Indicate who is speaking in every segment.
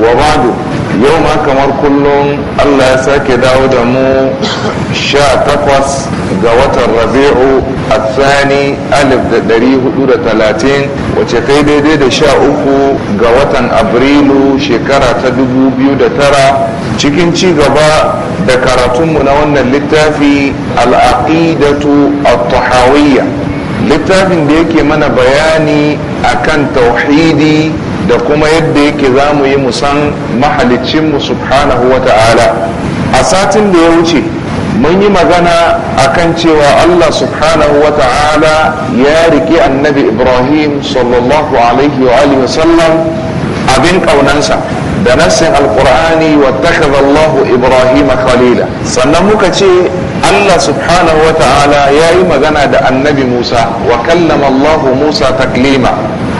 Speaker 1: wa ba'du yau ma kamar kullum allah ya sake dawo da mu sha takwas ga watan rabi'u a tsani alif da dari hudu da talatin wace kai daidai da sha uku ga watan abrilu shekara ta dubu biyu da tara cikin ci gaba da karatunmu na wannan littafi al'aqidatu a tahawiyya littafin da yake mana bayani akan tauhidi da kuma yadda yake za mu yi musan mahalicinmu subhanahu wa ta'ala a satin da ya wuce mun yi magana akan cewa allah subhanahu wa ta'ala ya riƙe annabi ibrahim sallallahu alaihi wa sallam abin ƙaunansa da nassin alkur'ani wa takazallahu ibrahim khalila sannan muka ce allah subhanahu wa ta'ala ya yi magana da annabi musa wa kallama allahu musa taklima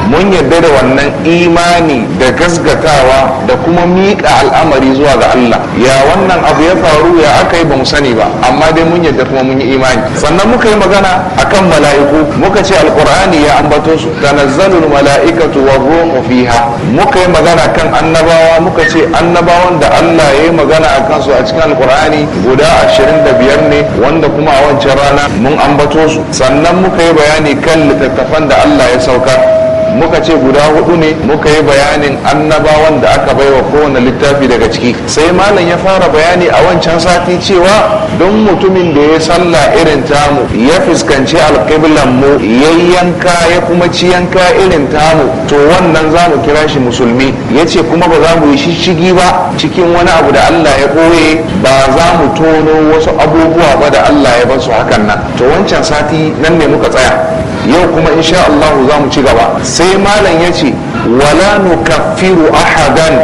Speaker 1: mun yarda da wannan imani da gasgatawa da kuma miƙa al'amari zuwa ga Allah ya wannan abu ya faru ya aka yi ba mu sani ba amma dai mun yarda kuma mun yi imani sannan muka yi magana akan mala'iku muka ce alqur'ani ya ambato su tanazzalul mala'ikatu wa ruhu fiha muka yi magana kan annabawa muka ce annabawan da Allah ya yi magana a kansu a cikin alqur'ani guda 25 ne wanda kuma a wancan rana mun ambato su sannan muka yi bayani kan littattafan da Allah ya sauka. muka ce guda hudu ne muka yi bayanin annabawan da aka baiwa kowane littafi daga ciki sai malam ya fara bayani a wancan sati cewa don mutumin da ya sallah irin tamu ya fuskanci alƙiblan mu ya yanka ya kuma ci yanka irin tamu to wannan za mu kira shi musulmi ya ce kuma ba za mu yi shishigi ba cikin wani abu da Allah ya ɓoye ba za mu tono wasu abubuwa ba da Allah ya su hakan nan to wancan sati nan ne muka tsaya yau kuma insha Allah za mu ci gaba sai malam ya ce wala nu kafiru ahadan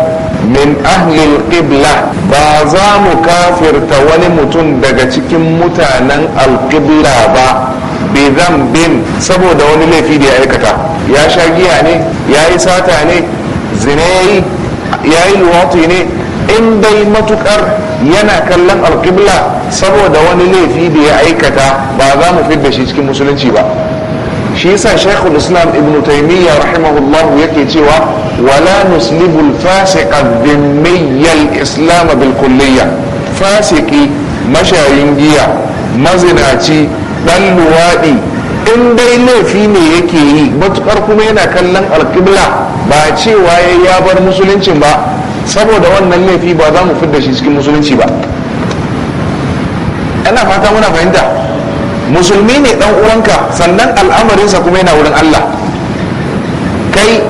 Speaker 1: min ahlil qibla ba za mu kafirta wani mutum daga cikin mutanen alqibla ba bi bin saboda wani laifi da ya aikata ya sha giya ne ya yi sata ne zina ya yi ya yi luwatu ne in dai matukar yana kallon alqibla saboda wani laifi da ya aikata ba za mu fidda shi cikin musulunci ba shi yasa shaykhul islam ibn taymiyyah rahimahullah yake cewa wala nuslibu al-fasiqa dhimmiyyal islam bil kulliyya fasiki mashayin giya mazinaci dan luwadi in dai laifi ne yake yi matukar kuma yana kallon alkibla ba cewa ya bar musuluncin ba saboda wannan laifi ba za mu da shi cikin musulunci ba ana fata muna fahimta musulmi ne dan uwanka sannan al'amarinsa kuma yana wurin Allah kai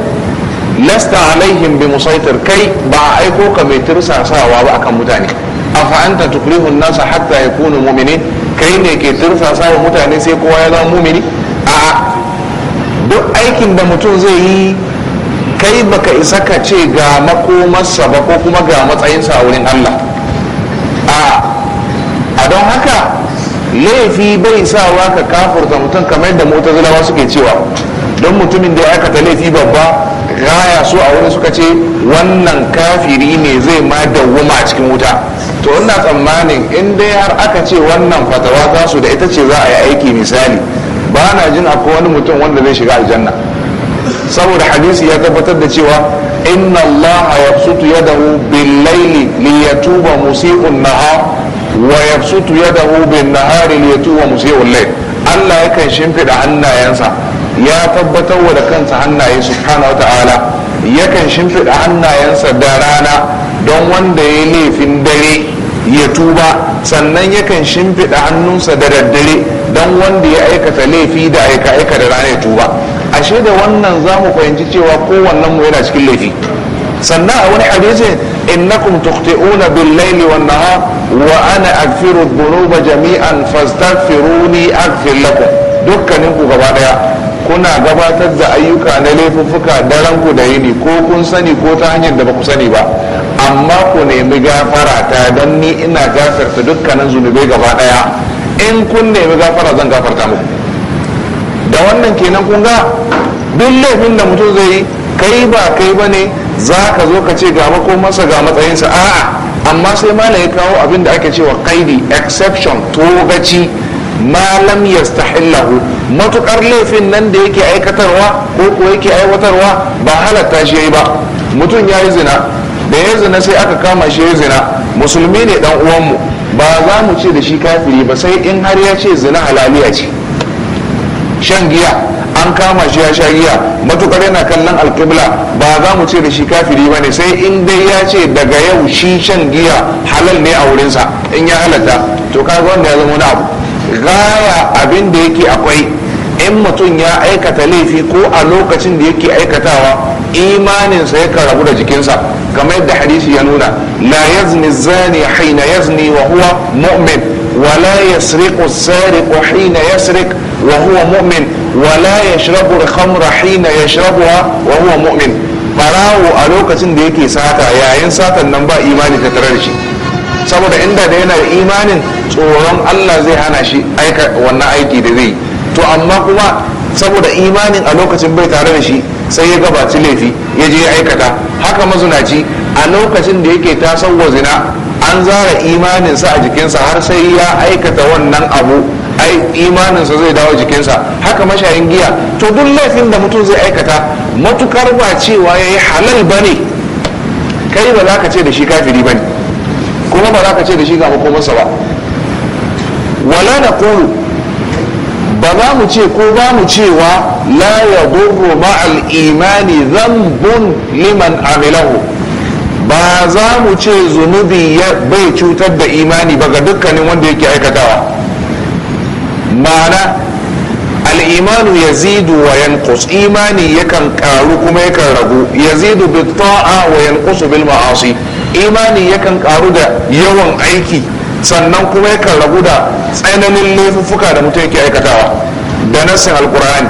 Speaker 1: lasta alaihim bi musaitir kai ba a aiko ka mai tursasawa ba akan mutane afa anta tukrihun nasa hatta yakunu mu'minin kai ne ke tursasawa mutane sai kowa ya zama mu'mini a duk aikin da mutum zai yi kai baka isa ka ce ga makomarsa ba ko kuma ga matsayinsa a wurin Allah a don haka laifi bai sawa ka kafurta mutum kamar yadda mutazilawa suke cewa don mutumin da ya aikata laifi babba raya su a wurin suka ce wannan kafiri ne zai ma dawwama a cikin wuta to wannan tsammanin in dai har aka ce wannan fatawa su da ita ce za a yi aiki misali ba na jin akwai wani mutum wanda zai shiga aljanna saboda hadisi ya tabbatar da cewa inna allaha yabsutu yadahu bil-laili liyatuba musii'un nahar wa yabsutu yadahu bin nahari liyatuwa musii'ul layl Allah yakan shimfida hannayensa ya tabbatar wa da kansa hannaye subhanahu ta'ala yakan shimfida hannayensa da rana don wanda ya laifin dare ya tuba sannan yakan shimfida hannunsa da daddare don wanda ya aikata laifi da aika aika da rana ya tuba ashe da wannan za mu fahimci cewa kowannen mu yana cikin laifi sannan a wani hadisi إنكم تخطئون بالليل والنهار وأنا أغفر الذنوب جميعا فاستغفروني أغفر لكم dukkaninku gaba daya kuna gabatar da ayyuka na laifuffuka daren da yini ko kun sani ko ta hanyar da baku sani ba amma kunemi gafara ta don ni ina gafarta dukkanin zunubai gaba daya in kunemi nemi gafara zan gafarta muku da wannan kenan kun ga duk laifin da mutum zai yi kai ba kai ba ne za ka zo ka ce ga masa ga matsayinsa a'a amma sai mala ya kawo abin da ake cewa kaidi exception togaci malam ya stahillahu matukar laifin nan da yake aikatarwa ko kuwa yake aiwatarwa ba halatta shi ya yi ba mutum ya yi zina da ya zina sai aka kama shi ya zina musulmi ne dan uwanmu ba za mu ce da shi kafiri ba sai in har ya ce zina halali ce shan giya an kama shi ya sha giya matukar yana kallon alkibla ba za mu ce da shi kafiri ba ne sai in dai ya ce daga yau shi shan giya halal ne a wurinsa in ya halatta to ga wanda ya zama wani abu gaya abin da yake akwai in mutum ya aikata laifi ko a lokacin da yake aikatawa imaninsa ya rabu da jikinsa kamar yadda hadisi ya nuna la yazni zani haina yazni wa huwa mu'min wa la yasriqu sariqu haina yasriq wa mu'min wala yashrabu al na ya yashrabuha wa huwa mu'min barawo a lokacin da yake sata yayin satan nan ba imani ta tare da shi saboda inda da yana da imanin tsoron Allah zai hana shi aika wannan aiki da zai to amma kuma saboda imanin a lokacin bai tare da shi sai ya gabaci laifi ya je aikata haka mazunaci a lokacin da yake tasawwa zina an zara imaninsa a jikinsa har sai ya aikata wannan abu ai imaninsa zai dawo jikinsa haka mashayin giya to duk laifin da mutum zai aikata matukar ba cewa ya yi halal ba ne kai ba za ka ce da shi kafiri ba ne kuma ba za ka ce da shi ga hukumarsa ba wala na kulu ba za mu ce ko ba mu cewa la ya gurru ma'al imani zambun liman amilahu ba za mu ce zunubi bai cutar da imani ba ga dukkanin wanda yake aikatawa ma'ana al'imanu ya zidu wa yankus imani yakan karu kuma yakan ragu ya zidu wa yankusu bil ma'asi imani yakan karu da yawan aiki sannan kuma yakan ragu da tsananin laifuffuka da mutum yake aikatawa da nassin alkur'ani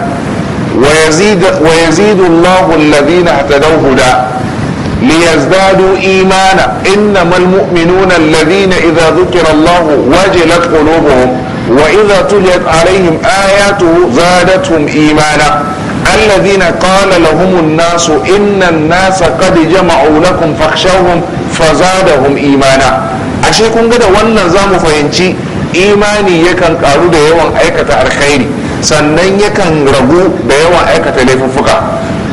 Speaker 1: wa yazidu allahu alladhina hatadaw huda ليزدادوا إيمانا إنما المؤمنون الذين إذا ذكر الله وجلت قلوبهم وإذا تليت عليهم آياته زادتهم إيمانا الذين قال لهم الناس إن الناس قد جمعوا لكم فاخشوهم فزادهم إيمانا ashe kun ga da wannan za mu fahimci imani yakan karu da yawan aikata alkhairi sannan yakan ragu da yawan aikata laifuffuka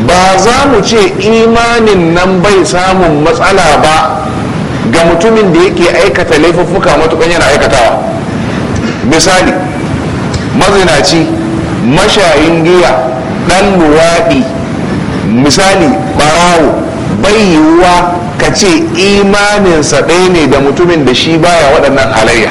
Speaker 1: ba za mu ce imanin nan bai samun matsala ba ga mutumin da yake aikata laifuffuka matukan yana aikatawa misali mazinaci mashayin giya ɗan luwaɗi misali ɓarawo bai yiwuwa ka ce imaninsa ɗaya ne da mutumin da shi baya waɗannan halayya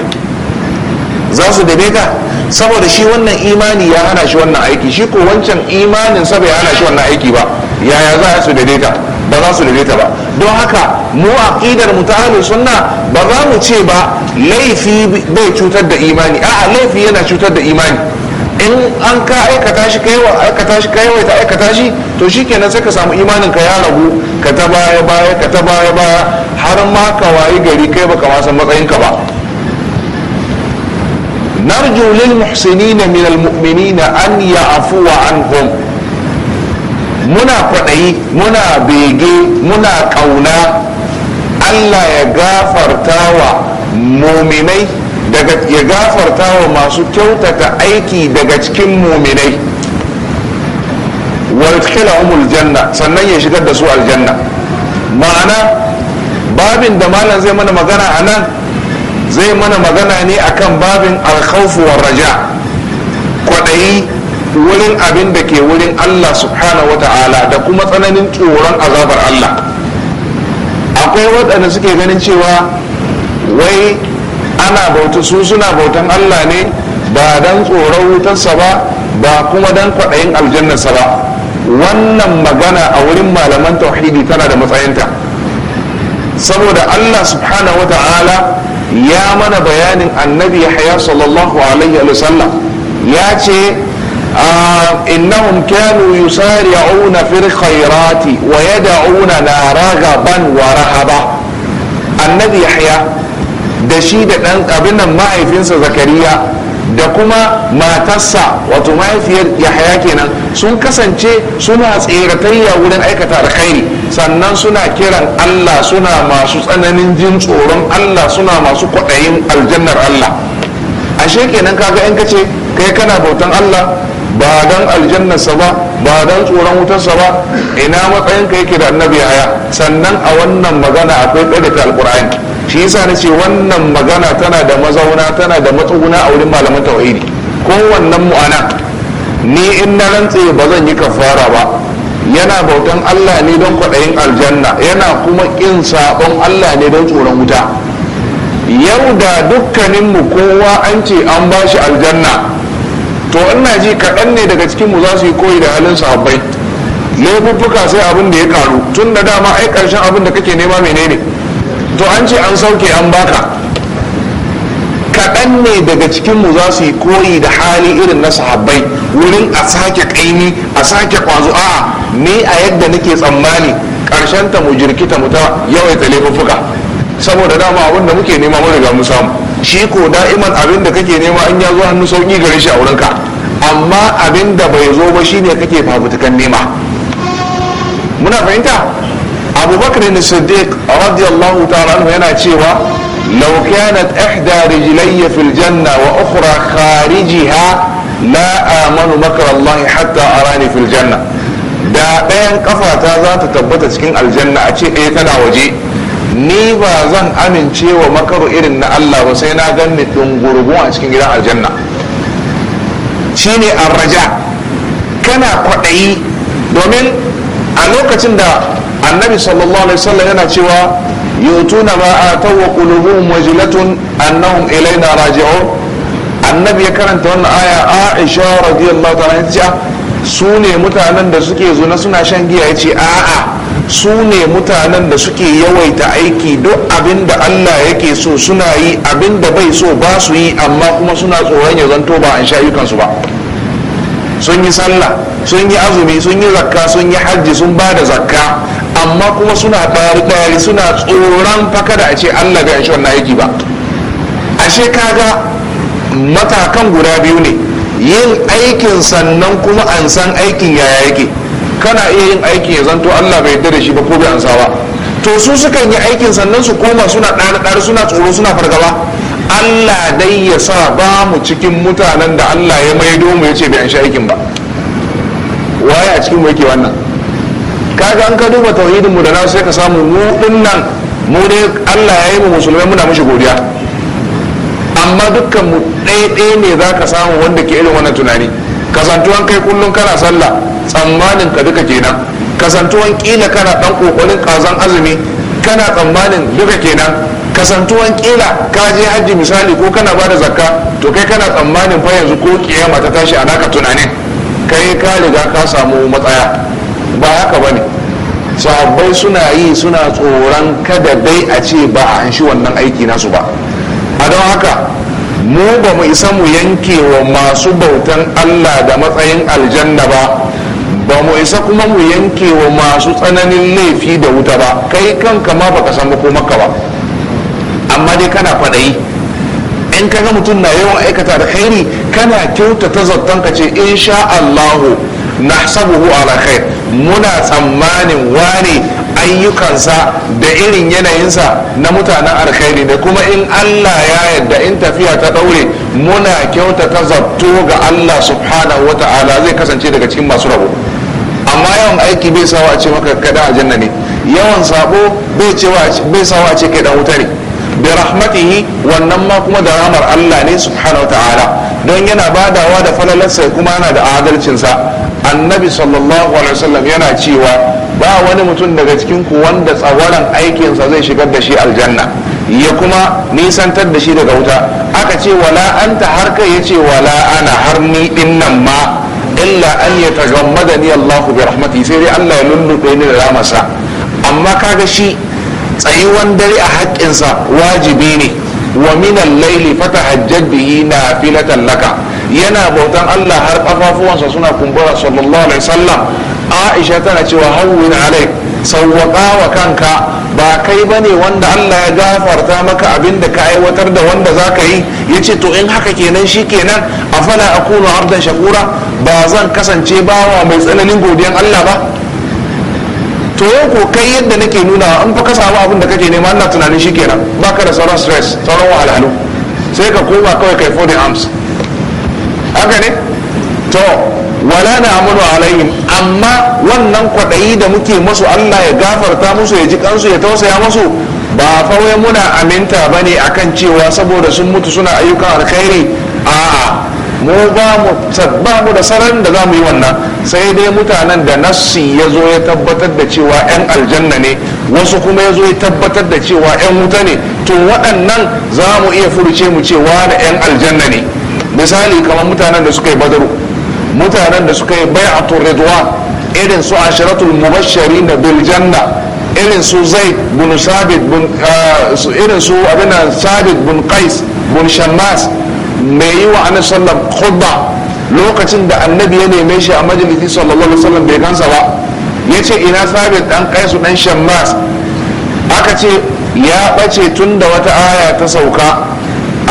Speaker 1: za su dabe ka saboda shi wannan imani ya hana shi wannan aiki shi ko wancan imanin sa bai hana shi wannan aiki ba yaya za su dabe ka ba za su dabe ta ba don haka mu aqidar mu ta sunna ba za mu ce ba laifi bai cutar da imani a'a laifi yana cutar da imani in an ka aikata shi ka yawa aikata shi ka yawaita aikata shi to shikenan sai ka samu imanin ka ya ragu ka ta baya baya ka ta baya baya har ma ka wayi gari kai baka ma san matsayin ka ba narju lil muhsinina min al mu'minina an ya'fu anhum muna kwaɗayi muna bege muna kauna. allah ya gafarta wa muminai daga ya gafarta wa masu kyautata aiki daga cikin muminai wa umul janna sannan ya shigar da su aljanna ma'ana babin da malam zai mana magana a nan zai mana magana ne akan babin alkhawfu wa raja kwaɗayi wurin abin da ke wurin allah subhanahu wata'ala da kuma tsananin tsoron azabar allah akwai waɗanda suke ganin cewa wai ana bauta su suna bautan allah ne ba dan tsoron wutarsa ba ba kuma dan kwaɗayin aljannarsa ba wannan magana a wurin malaman tauhidi tana da matsayinta saboda allah subhanahu ta'ala ya mana bayanin annabi yahya sallallahu alaihi wa sallam ya ce ah, innahum kanu yusari'una fil khairati wa yad'una na ragaban wa rahaba annabi yahya da shi da ɗan abinan ma'aifinsa mahaifinsa zakariya da kuma matarsa wato mahaifiyar yahaya kenan sun kasance suna tseratayya wurin aikata alkhairi sannan suna kiran allah suna masu tsananin jin tsoron allah suna masu kwaɗayin aljannar allah ashe kenan kaga in ka ce kai kana bautan allah ba don aljannarsa ba ba don tsoron wutarsa ba ina matsayinka yake da annabi haya sannan a wannan magana akwai ɗaya da alkur'ani shi yasa na ce wannan magana tana da mazauna tana da matsuguna a wurin malaman tauhidi ko wannan mu'ana ni in na rantse ba zan yi kafara ba yana bautan Allah ne don kwaɗayin aljanna yana kuma ƙin saɓon Allah ne don tsoron wuta yau da dukkaninmu kowa an ce an ba shi aljanna to ina ji kaɗan ne daga cikinmu za su yi koyi da halin sahabbai laifuffuka sai abin da ya karu tun da dama ai karshen abin da kake nema menene ne to an ce an sauke an baka kaɗan ne daga cikinmu za su yi koyi da hali irin na sahabbai wurin a sake ƙaimi a sake ƙwazo a ni a yadda nake tsammani ƙarshen ta mu jirkita mu ta yawaita laifuffuka saboda dama abin da muke nema mu riga mu samu shi ko da'iman abin da kake nema an ya zo hannu sauƙi gare shi a wurinka amma abin da bai zo ba shine kake fafutukan nema muna fahimta abubakar ne siddiq radiyallahu ta'ala anhu yana cewa law kanat ihda rijlayya fil janna wa ukhra kharijiha la amanu makar Allah hatta arani fil janna da ɗayan kafata za ta tabbata cikin aljanna a ce ɗaya eh, tana waje ni ba zan amince wa makaru irin na Allah ba sai na gan ni dungurgu a cikin gidan aljanna shine arraja kana kwaɗayi domin a lokacin da annabi sallallahu alaihi wasallam yana cewa yutuna ma ta wa qulubuhum wajlatun annahum ilayna raji'u annabi ya karanta wannan aya Aisha radiyallahu ta'ala yace ah, su ne mutanen da suke zuna suna shan giya yace ce a'a su ne mutanen da suke yawaita aiki duk abin da Allah yake so suna yi abin da bai so ba su yi amma kuma suna tsoron ya zanto ba an shayukansu ba sun yi sallah sun yi azumi sun yi zakka sun yi hajji sun ba da zakka amma kuma suna ɗari-ɗari suna tsoron faka a ce allah bai shi wannan aiki ba ashe kaga matakan guda biyu ne yin aikin sannan kuma an san aikin ya yake kana iya yin aiki ya zanto allah bai yarda da shi ba ko bai ansa ba to su sukan yi aikin sannan su koma suna ɗari-ɗari suna tsoro suna fargaba allah dai ya sa ba mu cikin mutanen da allah ya maido mu ya ce bai an aikin ba waye a cikin mu yake wannan kaga an ka duba tauhidin mu da na sai ka samu mu dinnan mu dai Allah ya yi mu musulmai muna mishi godiya amma dukkan mu ɗaya ne za ka samu wanda ke irin wannan tunani kasantuwan kai kullum kana sallah tsammanin ka duka kenan kasantuwan kila kana dan kokolin kazan azumi kana tsammanin duka kenan kasantuwan kila ka je hajji misali ko kana bada zakka to kai kana tsammanin fa yanzu ko kiyama ta tashi a naka tunanin kai ka riga ka samu matsaya ba haka ba ne sahabbai suna yi suna tsoron kada dai a ce ba a hanshi wannan aiki nasu ba a don haka mu ba mu isa mu yanke wa masu bautan allah da matsayin aljanna ba ba mu isa kuma mu yanke wa masu tsananin laifi da wuta ba kai kanka ma baka san ko maka ba amma dai kana kwaɗayi in kaga mutum na yawan aikata da khairi kana kyautata zattan ka ce insha allahu nahsabuhu ala khair muna tsammanin wane ayyukansa da irin yanayinsa na mutanen alkhairi da kuma in allah ya yadda in tafiya ta daure muna kyautata zabto ga allah subhanahu wa ta'ala zai kasance daga cikin masu rabo amma yawan aiki bai sawa ce maka kada janna ne yawan sabo bai sawa ce kai dan wuta ne bi rahmatihi wannan ma kuma da ramar allah ne subhanahu wa ta'ala don yana badawa da falalarsa kuma yana da adalcinsa annabi sallallahu alaihi wasallam yana cewa ba wani mutum daga cikin ku wanda tsawaran aikinsa zai shigar da shi aljanna ya kuma nisantar da shi daga wuta aka ce wala anta har kai ya ce wala ana har ni din nan ma illa an ya tagammada ni Allahu bi rahmati sai dai Allah ya lullube ni da ramasa amma kaga shi tsayuwan dare a haƙƙinsa wajibi ne wa min al-layli na na filatan laka yana bautan Allah har kafafuwansa suna kumbura sallallahu alaihi wasallam Aisha tana cewa hawwin alaik sawwaka wa kanka ba kai bane wanda Allah ya gafarta maka abin da ka aiwatar da wanda zaka ka yi yace to in haka kenan shi kenan afala akunu abdan shakura ba zan kasance bawa mai tsananin godiyan Allah ba to ko kai yadda nake nuna an fa ka samu abin da kake nema ina tunanin shi kenan baka da sauran stress sauran wahalhalu sai ka koma kawai kai the arms haka ne to wala na amuru alaihim amma wannan kwaɗayi da muke musu allah ya gafarta musu ya ji kansu ya tausaya musu ba fawai muna aminta ba ne akan cewa saboda sun mutu suna ayyukan alkhairi a'a mu ba mu ba mu da saran da za mu yi wannan sai dai mutanen da nassi ya zo ya tabbatar da cewa 'yan aljanna ne wasu kuma ya zo ya tabbatar da cewa 'yan wuta ne to waɗannan za mu iya furuce mu cewa da 'yan aljanna ne misali kamar mutanen da suka yi badaru mutanen da suka yi bai turai ridwa irin su ashiratul mubashari na biljanna irin su zai bin sabit bin ah, irin su abinan sabit bin kais bin shammas mai yi wa annabi sallam khutba lokacin da annabi ya neme shi a majalisi sallallahu alaihi bai gansa ba ya ce ina sabit dan kais dan shammas aka ce ya bace tun da wata aya ta sauka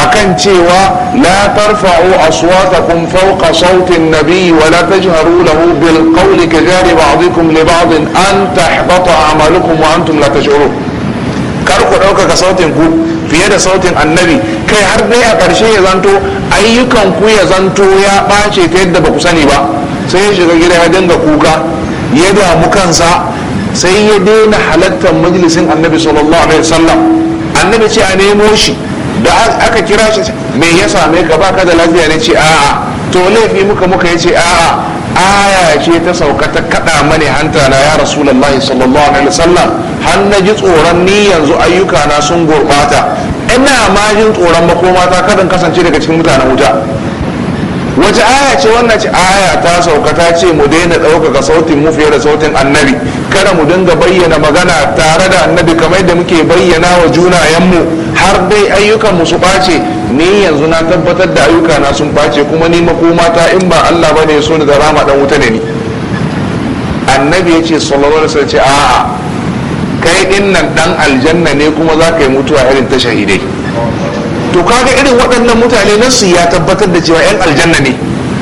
Speaker 1: akan cewa la tarfa'u aswatakum fawqa sauti an-nabi wa la tajharu lahu bil qawli ka jari ba'dikum li ba'd an tahbata a'malukum wa antum la tash'urun kar ku ɗaukaka sautin ku fiye da sautin annabi kai har dai a ƙarshe ya zanto ayyukan ku ya zanto ya ɓace ta yadda ba ku sani ba sai ya shiga gida ya dinga kuka ya damu kansa sai ya daina halartar majalisin annabi sallallahu alaihi wasallam annabi ce a nemo shi da aka kira shi me ya same ka baka da lafiya ne ce a'a to laifi muka muka yace a'a aya ce ta sauka ta kada mani hanta na ya rasulullahi sallallahu alaihi wasallam har na ji tsoron ni yanzu ayyuka na sun gurbata ina ma jin tsoron makoma ta kadan kasance daga cikin mutanen wuta wace aya ce wannan ce aya ta sauka ta ce mu daina ɗaukaka sautin mu fiye da sautin annabi kada mu dinga bayyana magana tare da annabi kamar da muke bayyana wa junayenmu har dai ayyukan mu su ɓace ni yanzu na tabbatar da ayyuka na sun bace kuma ni makoma in ba Allah bane so ni da dan wuta ne ni annabi ya ce sallallahu alaihi wasallam a a'a kai din nan dan aljanna ne kuma za ka yi mutuwa irin ta shahidai to kaga irin waɗannan mutane nasu ya tabbatar da cewa yan aljanna ne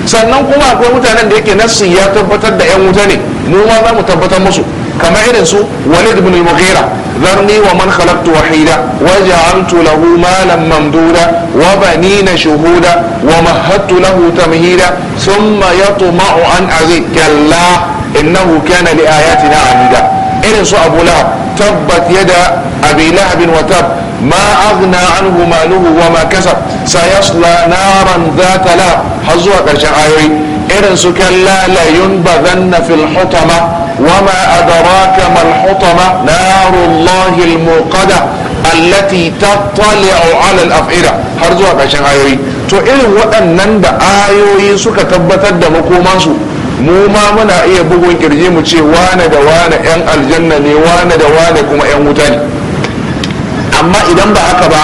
Speaker 1: sannan kuma akwai mutanen da yake nasu ya tabbatar da yan wuta ne mu ma za mu tabbatar musu كما إذن سو ولد بن المغيرة ذرني ومن خلقت وحيدا وجعلت له مالا ممدودا وبنين شهودا ومهدت له تمهيدا ثم يطمع أن أزيد كلا إنه كان لآياتنا عنيدا إذن أبو لهب تبت يدا أبي لهب وتب ما أغنى عنه ماله وما كسب سيصلى نارا ذات لهب حزوة كرشا irin su kalla la yunbazanna fil hutama wama adraka mal hutama narullahi al muqada allati tattali'u ala al af'ida har zuwa ƙarshen ayoyi to irin waɗannan da ayoyi suka tabbatar da su mu ma muna iya bugun kirji mu ce wane da wane yan aljanna ne wane da wane kuma yan wuta ne amma idan ba haka ba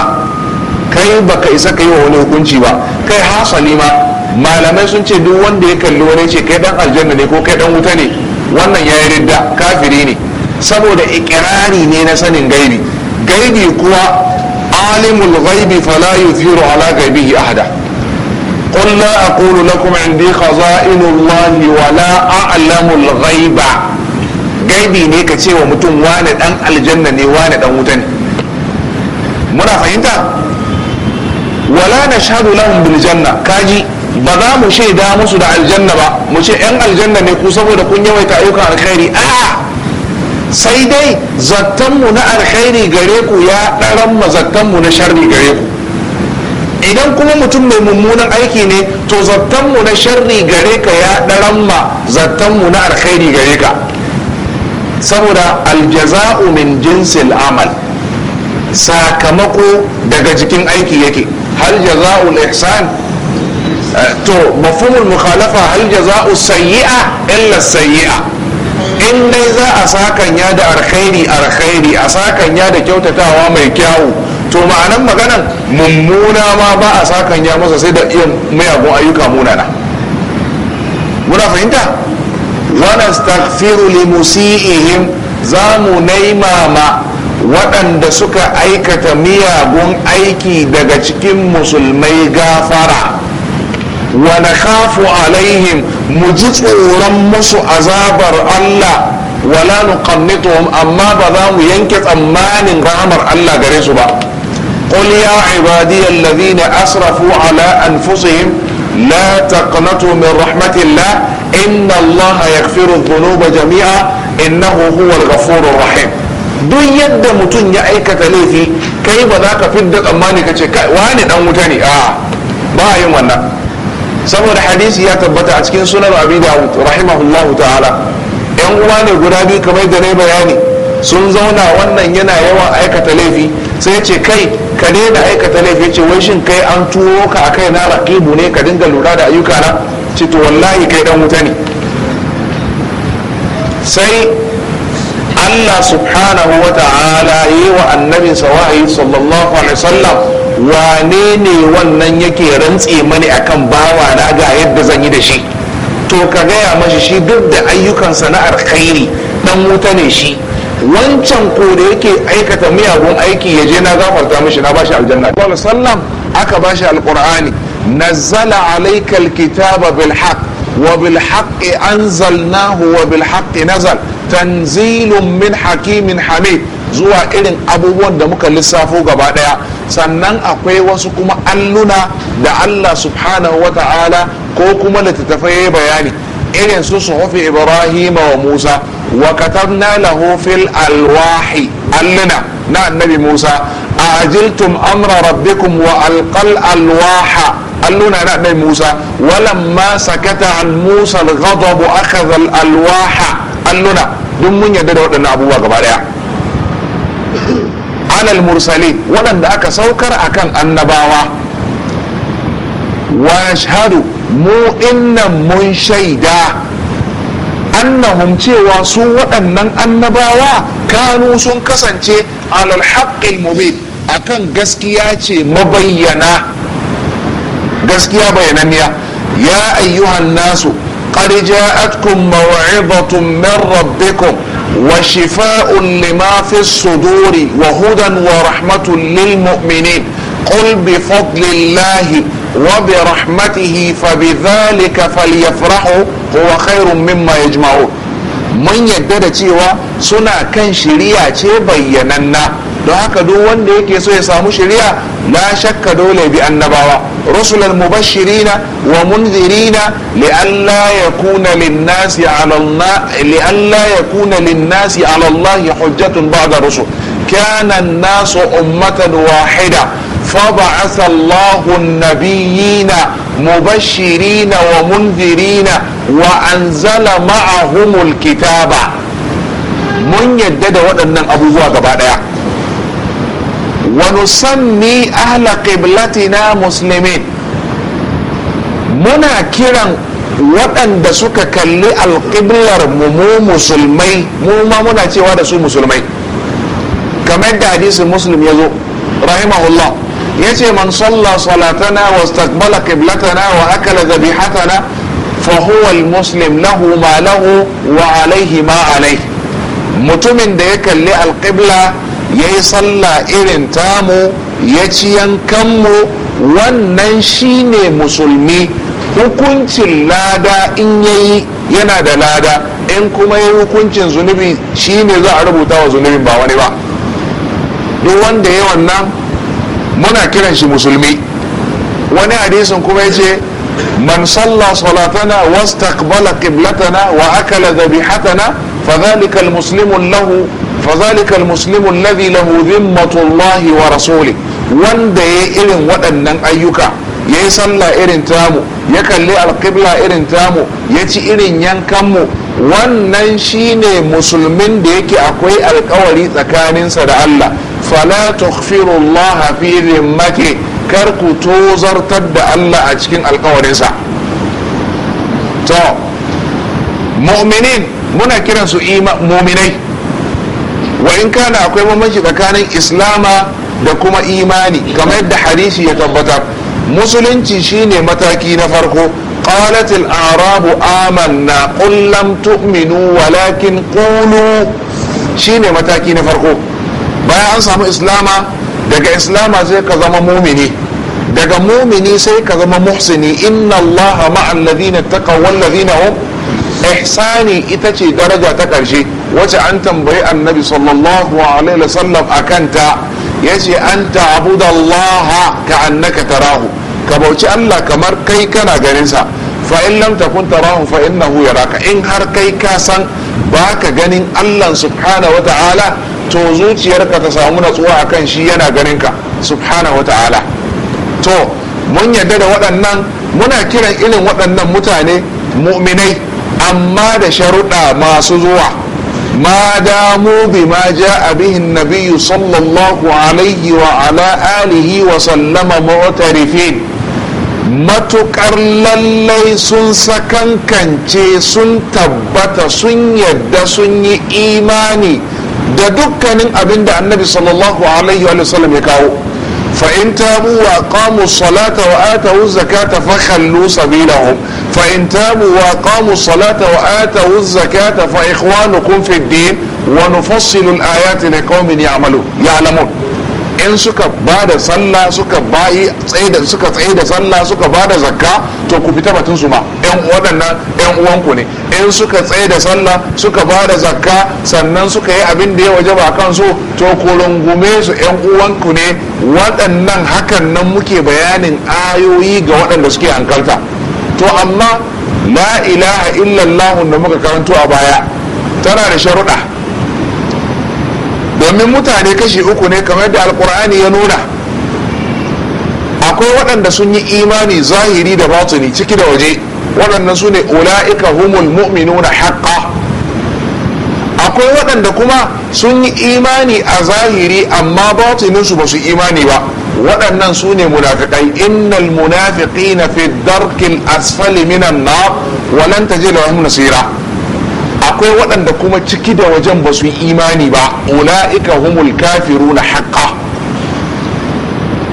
Speaker 1: kai baka isa ka yi wa wani hukunci ba kai hasali ma malamai sun ce duk wanda ya kalli wani ce kai dan aljanna ne ko kai dan wuta ne wannan ya yi ridda kafiri ne saboda ikirari ne na sanin gaibi gaibi kuwa alimul ghaibi fala yuthiru ala gaibihi ahada قل لا أقول لكم عندي خزائن الله ولا أعلم الغيب gaibi ne ka ce wa mutum wane dan aljanna ne wane dan wuta ne muna fahimta wala na kaji ba za mu shaida musu da aljanna ba mu ce yan aljanna ne ku saboda kun yawaita ayyukan alkhairi a sai dai zattanmu na alkhairi gare ku ya ɗaran ma zattanmu na sharri gare ku idan kuma mutum mai mummunan aiki ne to zattanmu na sharri gare ka ya ɗaran ma zattanmu na alkhairi gare ka saboda aljaza'u min jinsil amal sakamako daga jikin aiki yake hal jaza'ul ihsan Eh, to mafhumul mukhalafa hal jaza'u sayyi'a illa sayyi'a in dai za a sakanya da alkhairi alkhairi a sakanya da kyautatawa mai kyawu to ma'anan maganan mummuna ma ba a sakanya masa sai da iya mayagun ayyuka munana muna fahimta wa nastaghfiru li musiihim za mu naimama waɗanda suka aikata miyagun aiki daga cikin musulmai gafara wa nakhafu alaihim mu ji tsoron musu azabar Allah wala nuqannituhum amma ba za mu yanke tsammanin rahamar Allah gare su ba قل يا عبادي الذين أسرفوا على أنفسهم لا تقنطوا من رحمة الله إن الله يغفر الذنوب جميعا إنه هو الغفور الرحيم duk yadda mutum ya aikata laifi kai ba za ka fidda tsammani ka ce wani dan wuta ne Aa ba yin wannan saboda hadisi ya tabbata a cikin sunan abi dawud rahimahullah ta'ala yan uwa ne guda biyu kamar da na bayani sun zauna wannan yana yawan aikata laifi sai ce kai ka daina aikata laifi ce wai shin kai an tuwo ka a kai na raqibu ne ka dinga lura da ayyuka na ce to wallahi kai dan wuta ne sai Allah subhanahu wa ta'ala yi wa annabinsa wahayi sallallahu alaihi wasallam wane ne wannan yake rantse mani akan bawa na ga yadda zan yi da shi to ka gaya mashi shi duk da ayyukan sana'ar khairi dan wuta ne shi wancan ko da yake aikata miyagun aiki ya je na gafarta mashi na bashi aljanna wal sallam aka bashi alqur'ani nazzala alayka alkitaba bilhaq wa bilhaq anzalnahu wa bilhaq nazal tanzilun min hakimin hamid zuwa irin abubuwan da muka lissafo gaba daya sannan akwai wasu kuma alluna da allah subhanahu wa ta'ala ko kuma littattafai bayani irin su suhufi ibrahim wa musa wa katabna lahu fil alwahi alluna na annabi musa ajiltum amra rabbikum wa alqal alwaha alluna na annabi musa walamma sakata an musa al-ghadab akhadha al-alwaha alluna duk mun yarda da waɗannan abubuwa gaba daya alal mursali waɗanda aka saukar akan annabawa wa shahadu mu innan mun shaida annahum cewa su waɗannan annabawa kanu sun kasance alal haqqil mubin akan gaskiya ce mabayyana gaskiya bayananniya ya ayyuhan nasu قد جاءتكم موعظة من ربكم وشفاء لما في الصدور وهدى ورحمة للمؤمنين قل بفضل الله وبرحمته فبذلك فليفرحوا هو خير مما يجمعون من يدد cewa suna كان شريعة بيننا don haka duk wanda yake so ya samu shari'a la shakka dole bi annabawa rusulan mubashirina wa munzirina li'alla yakuna lin-nasi 'ala li'alla yakuna lin-nasi 'ala Allah hujjatun ba'da rusul kana an-nasu ummatan wahida فبعث الله النبيين مبشرين ومنذرين وأنزل معهم الكتاب من يدد ودنن أبو زوا gaba daya ونسمي أهل قبلتنا مسلمين muna kiran waɗanda suka kalli alƙiblar mu musulmai mu ma muna cewa da su musulmai kamar da hadisin muslim ya zo rahimahullah ya ce man sallah salatana wa staqbala qiblatana wa akala zabihatana fa huwa almuslim lahu ma lahu wa alayhi ma mutumin da ya kalli alƙibla ya yi sallah irin tamu ya ci yankanmu wannan shine musulmi hukuncin lada in ya yi yana da lada in kuma yi hukuncin zunubi shine za a rubuta wa zunubin ba wani ba duk wanda ya wannan muna kiran shi musulmi wani hadisin kuma ya ce man salla salatana wastaqbala qiblatana wa akala dhabihatana fadhalika muslimun lahu فذلك المسلم الذي له ذمة الله ورسوله wanda ya irin waɗannan ayyuka ya yi sallah irin tamu ya kalli alƙibla irin tamu ya ci irin yankanmu wannan shine musulmin da yake akwai alkawari tsakaninsa da Allah fala tukhfirullah fi zimmati kar ku tozartar da Allah a cikin alkawarinsa to mu'minin muna kiransu mu'minai wa in kana akwai mamaki tsakanin islama da kuma imani kamar yadda hadisi ya tabbata musulunci shine mataki na farko qalatil arabu amanna qul lam tu'minu walakin qulu shine mataki na farko bayan an samu islama daga islama sai kazama zama mu'mini daga mu'mini sai kazama zama muhsini inna allaha ma'al ladina taqaw wal ladina hum ihsani ita ce daraja ta ƙarshe. wacce an tambayi annabi sallallahu alaihi sallam a kanta ya ce an ta'budallaha ka annaka tarahu ka bauci Allah kamar kai kana ganinsa fa in lam takun tarahu fa innahu yaraka in har kai ka san baka ganin Allah subhanahu wata'ala to zuciyarka ta samu natsuwa akan shi yana ganinka subhanahu wata'ala to mun yarda da waɗannan muna kiran irin waɗannan mutane mu'minai amma da sharuɗa masu zuwa ما داموا بما جاء به النبي صلى الله عليه وعلى آله وسلم معترفين matukar lallai sun sakankance sun tabbata sun yadda sun yi imani da dukkanin abin da annabi sallallahu alaihi wa sallam ya kawo فإن تابوا وأقاموا الصلاة وآتوا الزكاة فخلوا سبيلهم فإن تابوا وأقاموا الصلاة وآتوا الزكاة فإخوانكم في الدين ونفصل الآيات لقوم يعملون يعلمون in suka ba da sallah suka bayi suka tsaye da sallah suka ba da zakka to ku fita batun su ma yan waɗannan yan uwanku ne in suka tsaye da sallah suka ba da zakka sannan suka yi abin da ya waje ba kansu to ku rungume su yan uwanku ne waɗannan hakan nan muke bayanin ayoyi ga waɗanda suke hankalta to amma la ilaha illallah da muka karanto a baya tana da sharuɗa domin mutane kashi uku ne kamar da alkur'ani ya nuna akwai waɗanda sun yi imani zahiri da batini ciki da waje waɗannan su ne ula'ika humul mu'minuna haqqa akwai waɗanda kuma sun yi imani a zahiri amma batininsu ba su imani ba waɗannan su ne munafiƙai innal na fi darkin asfali minan na walan tajid lahum nasira akwai waɗanda kuma ciki da wajen ba su imani ba ula'ika humul na haƙa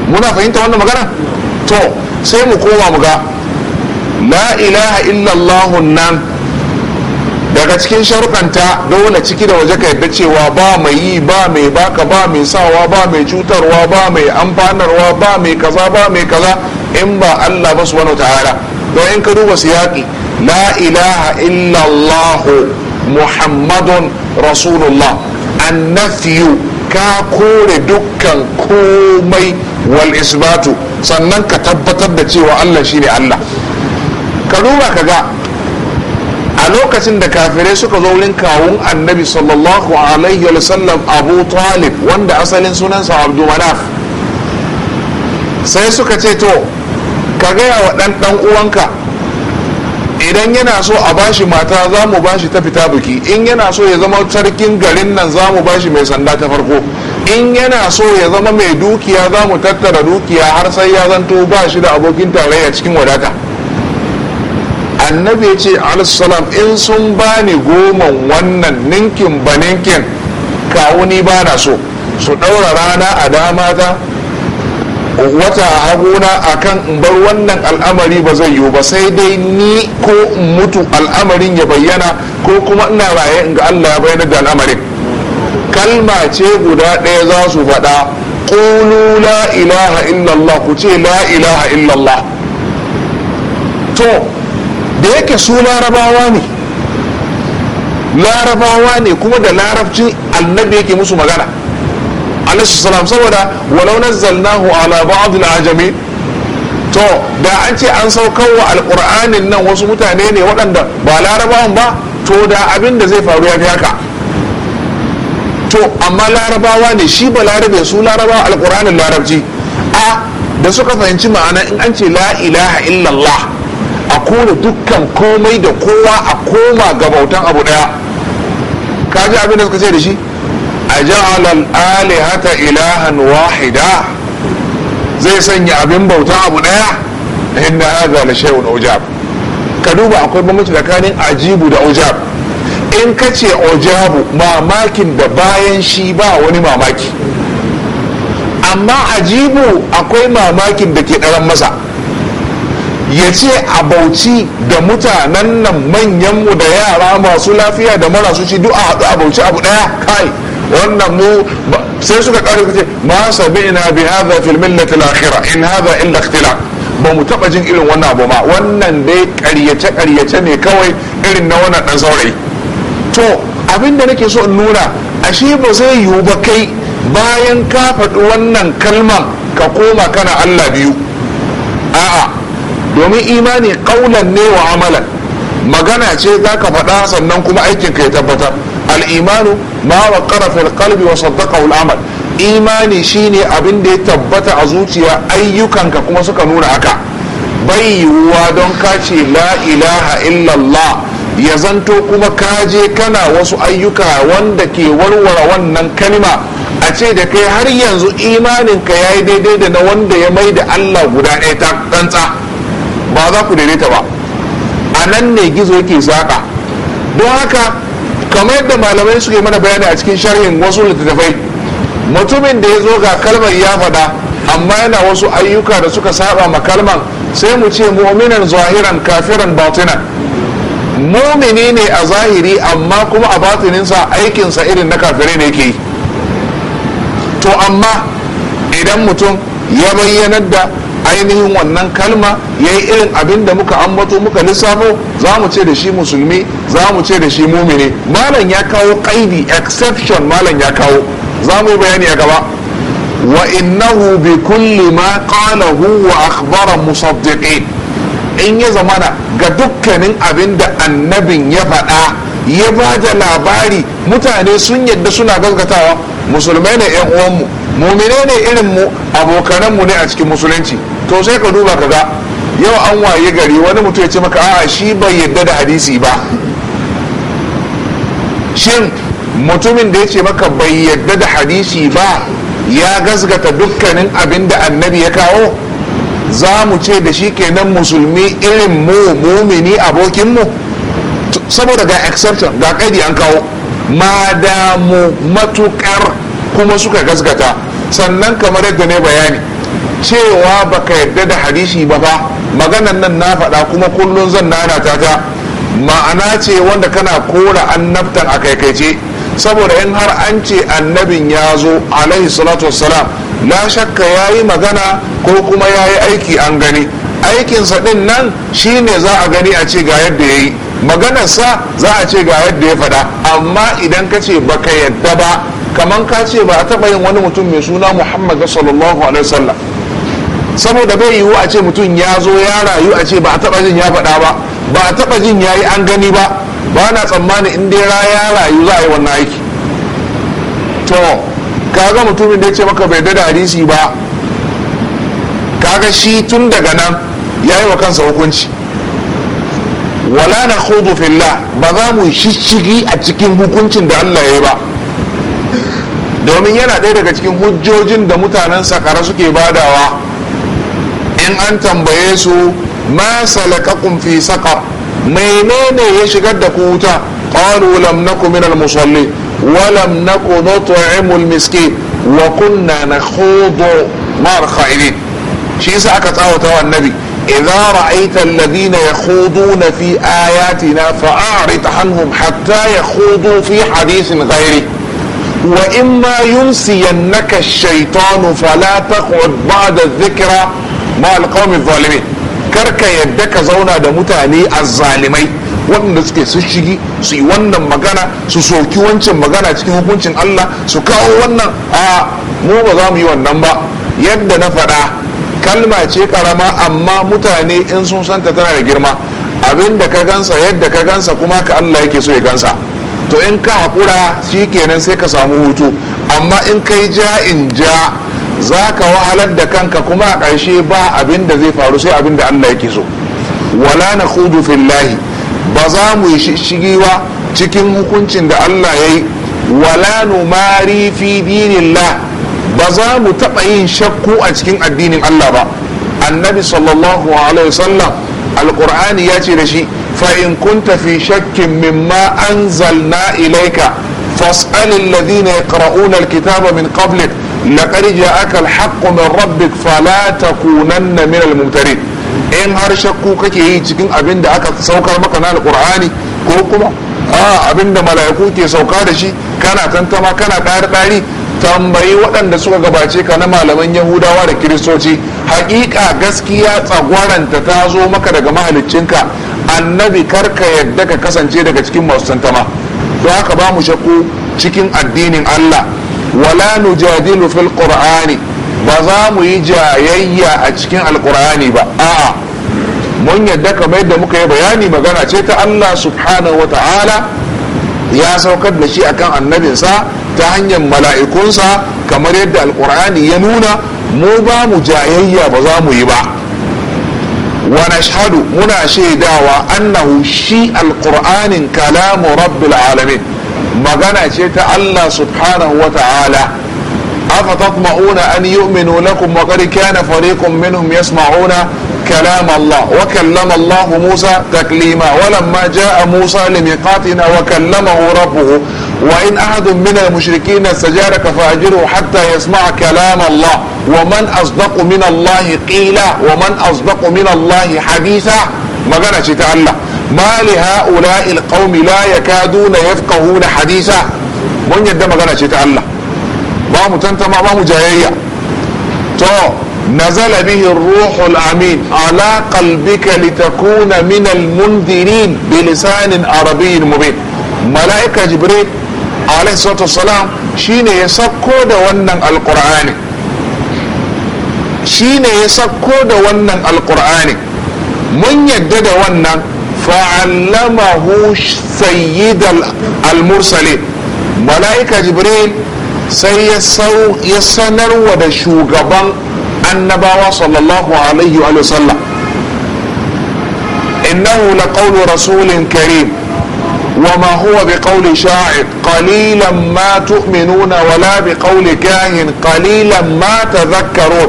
Speaker 1: muna fahimta wannan magana to sai mu koma mu ga la ilaha illallah nan daga cikin sharuɗanta dole ciki da waje ka yadda cewa ba mai yi ba mai baka ba mai sawa ba mai cutarwa ba mai amfanarwa ba mai kaza ba mai kaza in ba Allah ba subhanahu ta'ala to in ka duba siyaki la ilaha illallahu muhammadun rasulullah annafiyu ka kore dukkan komai wal isbatu sannan ka tabbatar da cewa Allah shi ne Allah ka duba ka ga a lokacin da kafirai suka zo wurin kawun annabi sallallahu alaihi wa sallam abu talib wanda asalin sunansa abdu manaf sai suka ce to ka gaya wa ɗan ɗan uwanka idan yana so a bashi mata za mu bashi ta fita biki in yana so ya zama sarkin garin nan za mu bashi mai sanda ta farko in yana so ya zama mai dukiya za mu tattara dukiya har sai ya zanto ba shi da abokin tarayya cikin wadata annabi ya ce alisalam in sun bani goman wannan ninkin ba ninkin kawuni ba na so su ɗaura rana a dama ta wata haguna a kan bar wannan al'amari ba zai yiwu ba sai dai ni ko in mutu al'amarin ya bayyana ko kuma ina raye in ga allah ya bayyana da al'amarin kalma ce guda ɗaya za su faɗa ƙulu la ilaha illallah ku ce la ilaha illallah to da yake su larabawa ne larabawa ne kuma da larabcin annabi yake musu magana alaihi salam saboda walau nazzalnahu ala ba'd al-ajami to da an ce an saukar wa alqur'anin nan wasu mutane ne waɗanda ba larabawan ba to da abin da zai faru ya fi haka to amma larabawa ne shi ba larabe su larabawa alqur'anin larabci a da suka fahimci ma'ana in an ce la ilaha illallah a kone dukkan komai da kowa a koma ga bautan abu daya ka ji abin da suka ce da shi a ja'alal alihata ilahan wahida zai sanya abin bauta abu daya ya zala shehu shay'un ujab ka duba akwai bambanci tsakanin ajibu da ujab in ka ce ojabu mamakin da bayan shi ba wani mamaki amma ajibu akwai mamakin da ke ɗaran masa ya ce a bauchi da mutanen nan manyanmu da yara masu lafiya da marasu shi duk a haɗu a bauchi abu ɗaya kai wannan mu sai suka ƙara ce ma ina bi hadha filmin na tilakira in hadha in laktila ba mu taba jin irin wannan abu ba wannan dai karyace karyace ne kawai irin na wannan dan saurayi to abin da nake so in nuna ashe ba zai yiwu ba kai bayan ka faɗi wannan kalman ka koma kana Allah biyu a'a domin imani kaulan ne wa amalan magana ce za ka faɗa sannan kuma aikin ka ya tabbatar al'imanu ma wa karafin kalbi wa saddaka amal imani shine abin da ya tabbata a zuciya ayyukanka kuma suka nuna haka bai yiwuwa don ka ce la ilaha illallah ya zanto kuma ka je kana wasu ayyuka wanda ke warware wannan kalima a ce da kai har yanzu imaninka ya yi daidai da na wanda ya mai da allah guda ɗaya ta tsantsa ba za ku daidaita ba a nan ne gizo yake saƙa don haka kamar yadda malamai suke mana bayani a cikin sharhin wasu littattafai mutumin da ya zo ga kalmar ya faɗa amma yana wasu ayyuka da suka saba ma kalmar sai mu ce mu'minan zahiran kafiran batina mumini ne a zahiri amma kuma a batininsa aikinsa irin na kafirai ne ke yi to amma idan mutum ya bayyanar da ainihin wannan kalma ya yi irin abin da muka ambato muka lissafo za mu ce da shi musulmi za mu ce da shi mumini malam ya kawo ƙaidi exception malam ya kawo za mu yi bayani a gaba wa innahu bi kulli ma qalahu wa akhbara musaddiqin in ya zamana ga dukkanin abin da annabin ya faɗa ya ba da labari mutane sun yadda suna gaskatawa musulmai ne 'yan uwanmu mumine ne irin mu mu ne a cikin musulunci to sai ka duba ka ga yau an waye gari wani mutum ya ce maka a shi bai yadda da hadisi ba shin mutumin da ya ce maka bai yadda da hadisi ba ya gasgata dukkanin abin da annabi ya kawo za mu ce da shi kenan musulmi irin mu mumini abokinmu saboda ga exception ga kaidi an kawo ma damu matukar kuma suka gasgata sannan kamar yadda ne bayani cewa baka yadda da hadisi ba fa maganan nan na faɗa kuma kullum zan nana ta ta ma'ana ce wanda kana kora annabtan a kaikaice saboda in har an ce annabin ya zo alaihi salatu wassalam na shakka ya yi magana ko kuma ya yi aiki an gani aikinsa din nan shine za a gani a ce ga yadda ya yi maganarsa za a ce ga yadda ya faɗa amma idan ka ce baka yadda ba kamar ka ce ba a taɓa yin wani mutum mai suna muhammad sallallahu alaihi wasallam saboda bai yiwu a ce mutum ya zo ya rayu a ce ba a taɓa jin ya faɗa ba ba a taɓa jin ya yi an gani ba ba na tsammani in dai ya rayu za a yi wannan aiki to kaga mutumin da ya ce maka bai da hadisi ba kaga shi tun daga nan ya yi wa kansa hukunci wala na khudu fillah ba za mu shishigi a cikin hukuncin da Allah ya yi ba domin yana ɗaya daga cikin hujjojin da mutanen sakara suke badawa in an tambaye su ma salakakum fi saqar menene ya shigar da ku wuta qalu lam naku min al musalli wa lam naku nut'imu al miskin wa kunna nakhudu mar kha'irin shi yasa aka tsawata wa annabi idza ra'aita alladhina yakhuduna fi ayatina fa'rid anhum hatta yakhudu fi hadithin ghairi wa in ma yunsiyannaka shaitanu fala ba da zikira ma alqawmi zalimin karka yadda ka zauna da mutane azzalimai waɗanda suke su shigi su yi wannan magana su soki wancan magana cikin hukuncin Allah su kawo wannan a mu ba za mu yi wannan ba yadda na faɗa kalma ce karama amma mutane in sun santa tana da girma abinda ka gansa yadda ka gansa kuma ka Allah yake so ya gansa to in ka haƙura shi kenan sai ka samu hutu amma in kai ja in ja za ka wahalar da kanka kuma a ƙarshe ba abin da zai faru sai abin da allah yake so wala na hudu fillahi ba za mu yi shigiwa cikin hukuncin da allah ya yi wala numari fi dinillah ba za mu taɓa yin shakku a cikin addinin allah ba annabi sallallahu alaihi wasallam alƙur'ani ya ce da shi فإن كنت في شك مما أنزلنا إليك فاسأل الذين يقرؤون الكتاب من قبلك لقد جاءك الحق من ربك فلا تكونن من الممترين in har shakku kake yi cikin abin aka saukar maka na alkur'ani ko kuma a abinda malayaku ke sauka da shi kana tantama kana ƙari tambayi waɗanda suka gabace ka na malaman yahudawa da kiristoci haƙiƙa gaskiya tsagwaranta ta zo maka daga ka. annabi karka yadda ka kasance daga cikin masu tantama don haka ba mu shakku cikin addinin Allah wala nujadilu fil qur'ani ba za mu yi jayayya a cikin alqur'ani ba a'a mun yadda kamar da muka yi bayani magana ce ta Allah subhanahu ta'ala ya saukar da shi akan annabinsa ta hanyar mala'ikunsa kamar yadda alqur'ani ya nuna mu ba mu jayayya ba za mu yi ba ونشهد منا شهداوا أنه شيء القرآن كلام رب العالمين ما مغانا شيء الله سبحانه وتعالى أفتطمعون أن يؤمنوا لكم وقد كان فريق منهم يسمعون كلام الله وكلم الله موسى تكليما ولما جاء موسى لميقاتنا وكلمه ربه وإن أحد من المشركين استجارك فأجره حتى يسمع كلام الله ومن أصدق من الله قيلا ومن أصدق من الله حديثا ما قالش تعالى ما لهؤلاء القوم لا يكادون يفقهون حديثا من يد ما قالش تعالى ما متنتمع ما مجاهية تو نزل به الروح الأمين على قلبك لتكون من المنذرين بلسان عربي مبين ملائكة جبريل alaihi salatu wasalam shine ya sakko da wannan alqur'ani shine ya sakko da wannan alqur'ani mun yadda da wannan fa'allamahu sayyid al-mursalin mala'ika jibril sai ya sanarwa da shugaban annabawa sallallahu alaihi wa sallam innahu laqawlu rasulin karim وما هو بقول شاعر قليلا ما تؤمنون ولا بقول كاهن قليلا ما تذكرون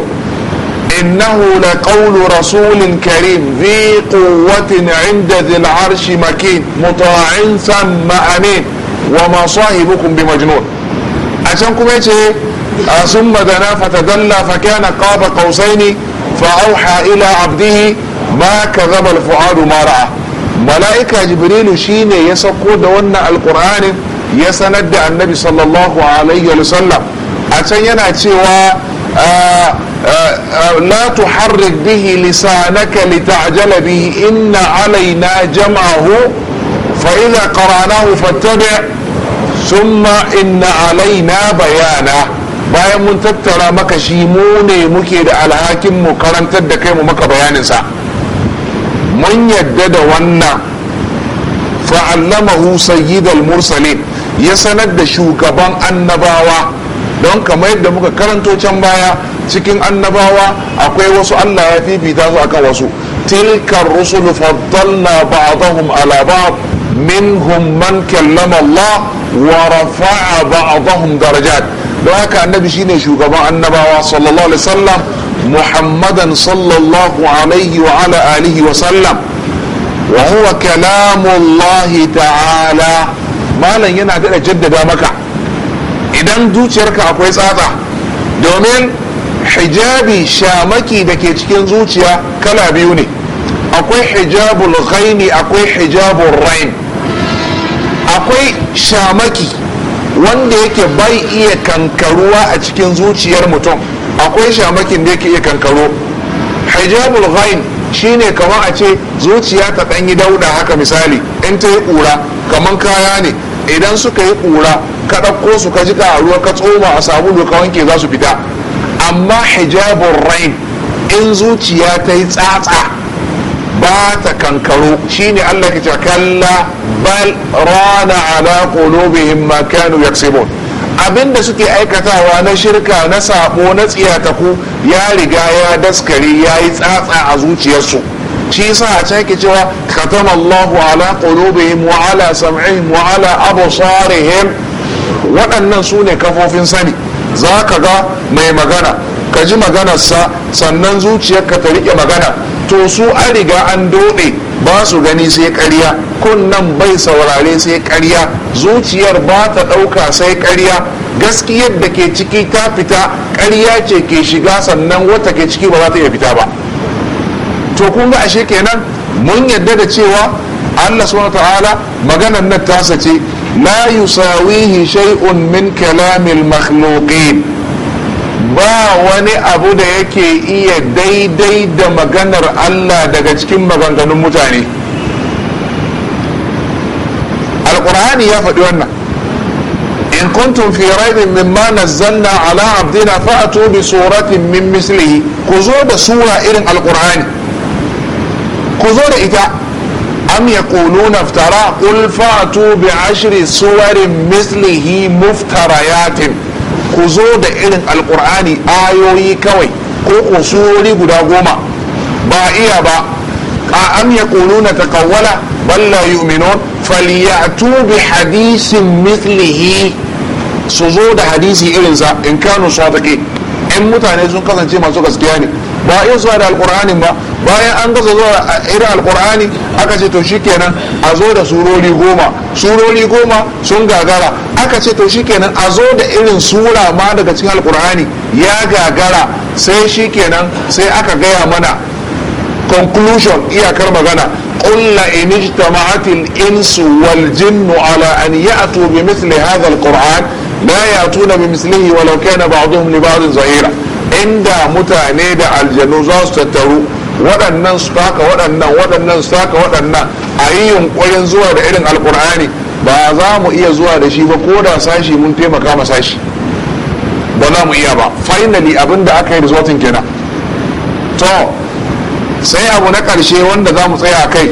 Speaker 1: انه لقول رسول كريم ذي قوة عند ذي العرش مكين مطاع ثم امين وما صاحبكم بمجنون عشان ايه ثم دنا فتدلى فكان قاب قوسين فاوحى الى عبده ما كذب الفؤاد ما رأى mala'ika jibrilu shine ya sauko da wannan alkur'anin ya sanar da annabi sallallahu alaihi wa sallam a can yana cewa la tuharrik bihi lisanaka lita'jala bihi inna alaina jam'ahu fa idza qara'nahu fattabi' thumma inna alaina bayana bayan mun tattara maka shi mu ne muke da alhakin mu karantar da kai mu maka bayanin sa mun yadda da wannan fa'allamahu sayyidal mursalin ya sanar da shugaban annabawa don kamar yadda muka karanto can baya cikin annabawa akwai wasu allah ya fifita su akan wasu tilkar rusul faddalna ba'dahum ala ba'd minhum man kallama allah wa rafa'a ba'dahum darajat don haka annabi shine shugaban annabawa sallallahu alaihi wasallam محمدا صلى الله عليه وعلى آله وسلم وهو كلام الله تعالى مالا ينادر جدد مكة idan zuciyarka akwai tsatsa domin hijabi shamaki da ke cikin zuciya kala biyu ne akwai hijabul ghaini akwai hijabul rain akwai shamaki wanda yake bai iya kankaruwa a cikin zuciyar mutum akwai shamakin da yake iya kankaro hijabul ghain shine kamar a ce zuciya ta ɗan yi dauda haka misali in ta yi ƙura kaman kaya ne idan suka yi ƙura ka dauko su ka jika a ruwa ka tsoma a sabulu ka wanke za su fita amma hijabun rain in zuciya ta yi tsatsa ba ta kankaro shine Allah ke ce kalla bal rana ala qulubihim ma kanu yaksibun abinda suke aikatawa na shirka na sabo na tsiyataku ya riga ya daskare ya yi tsatsa a zuciyarsu shi yasa a cikin cewa katama Allahu ala qulubihim wa ala sam'ihim wa ala absarihim waɗannan su ne kafofin sani za ka ga mai magana ka ji maganarsa sannan zuciyarka ta riƙe magana to su an riga an doɗe ba su gani sai ƙarya kunnan bai saurare sai ƙarya zuciyar ba ta ɗauka sai ƙarya gaskiyar da ke ciki ta fita ƙarya ce ke shiga sannan wata ke ciki ba za ta iya fita ba to kun ga ashe kenan mun yadda da cewa Allah suna ta'ala maganan nan tasa ce la yusawihi shay'un min kalamil makhluqin ba wani abu da yake iya daidai da maganar Allah daga cikin maganganun mutane alkur'ani ya faɗi wannan in kuntum fi raibin mimma nazzalna ala abdina fa'atu bi suratin min mislihi ku zo da sura irin alkur'ani ku zo da ita am yaquluna iftara qul fa'tu bi ashri suwarin mislihi muftarayatin ku zo da irin alkur'ani ayoyi kawai ko usurori guda goma ba iya ba a am yaquluna taqawwala bal la yu'minun falyatu bi hadisin mislihi su zo da hadisi irinsa in kanu sadiqin in mutane sun kasance masu gaskiya ne ba iya zuwa da alkur'anin ba bayan an gasa zuwa irin alkur'ani aka ce to shikenan a zo da surori goma surori goma sun gagara aka ce to shikenan a zo da irin sura ma daga cikin alkur'ani ya gagara sai shi shikenan sai aka gaya mana conclusion iyakar magana قل إن اجتمعت الإنس والجن على أن يأتوا بمثل هذا القرآن لا يأتون بمثله ولو كان بعضهم لبعض ظهيرا عند متانيد الجنوزاس تترو waɗannan su taka waɗannan waɗannan su taka waɗannan a yi yunƙurin zuwa da irin alƙur'ani ba za mu iya zuwa da shi ba ko da sashi mun taimaka ma sashi ba za mu iya ba finally abin da aka yi resultin kenan to sai abu na ƙarshe wanda za mu tsaya a kai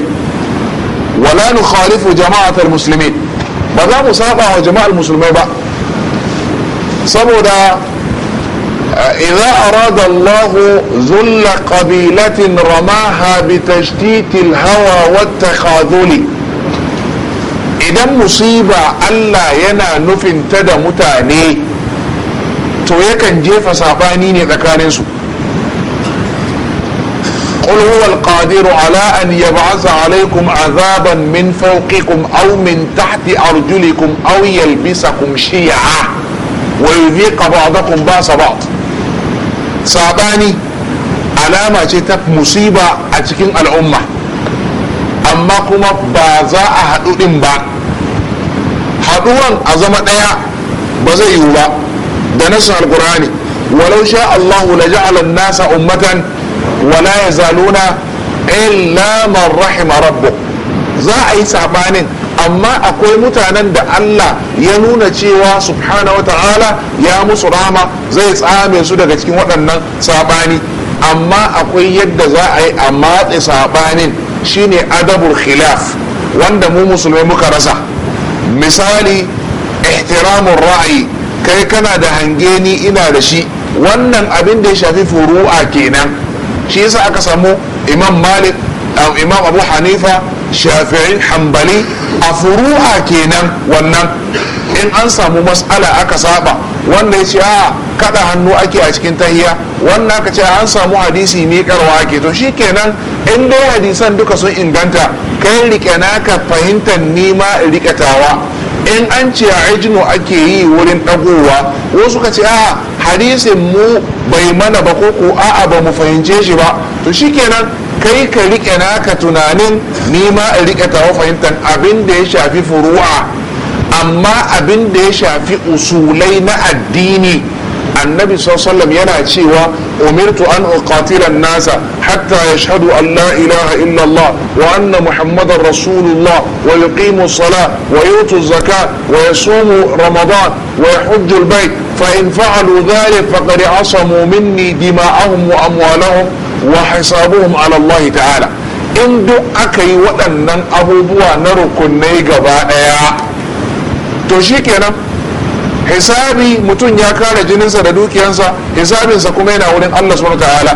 Speaker 1: wala nu khalifu jama'atar musulmi ba za mu saba wa jama'ar musulmai ba saboda إذا أراد الله ذل قبيلة رماها بتشتيت الهوى والتخاذل إذا مصيبة ألا ينا نفن تدا متاني mutane to yakan jefa sabani ne قل هو القادر على أن يبعث عليكم عذابا من فوقكم أو من تحت أرجلكم أو يلبسكم شيعا ويذيق بعضكم بأس بعض saɓani alama ce ta musiba a cikin al'umma amma kuma ba za a haɗu ɗin ba haɗuwan a zama ɗaya ba zai yiwu ba da nasin alkur'ani walau sha Allahu la ja'ala nasa ummatan wala yazaluna illa man rahima rabbu za a yi sabanin amma akwai mutanen da Allah ya nuna cewa subhana wa ta'ala ya musu rama zai tsame su daga cikin waɗannan saɓani amma akwai yadda za a yi a matse saɓanin shine adabul khilaf wanda mu musulmai muka rasa misali ihtiramun ra'ayi kai kana da hange ni ina da shi wannan abin da ya shafi furu'a kenan shi yasa aka samu imam malik imam abu hanifa shafi'in hanbali a furu'a kenan wannan in an samu mas'ala aka saba wanda ya ce a kada hannu ake a cikin tahiya wannan aka ce an samu hadisi ne karwa ake to shi kenan in dai hadisan duka sun inganta kai rike naka fahimtar nima rikatawa in an ce a ijinu ake yi wurin ɗagowa wasu ka ce a hadisin mu bai mana ba ko ko a'a ba mu fahimce shi ba to shi kenan kai ka rike naka tunanin ni ma in rike tawa fahimtar abin da ya shafi furu'a amma abin da ya shafi usulai na addini annabi sallallahu yana cewa umirtu an uqatilan nasa hatta yashhadu an la ilaha illa Allah wa anna muhammadar rasulullah wa yuqimu salat wa yutu zakat wa yasumu ramadan wa yahujju albayt fa in fa'alu dhalika faqad asamu minni dima'ahum wa amwalahum وحسابهم على الله تعالى إن دو أكي ودنن أبو بوا نرق النيقى بائيا توشيك يا حسابي متون يكار جننسا ردوك ينسا حسابي سكمينا ولن الله سبحانه وتعالى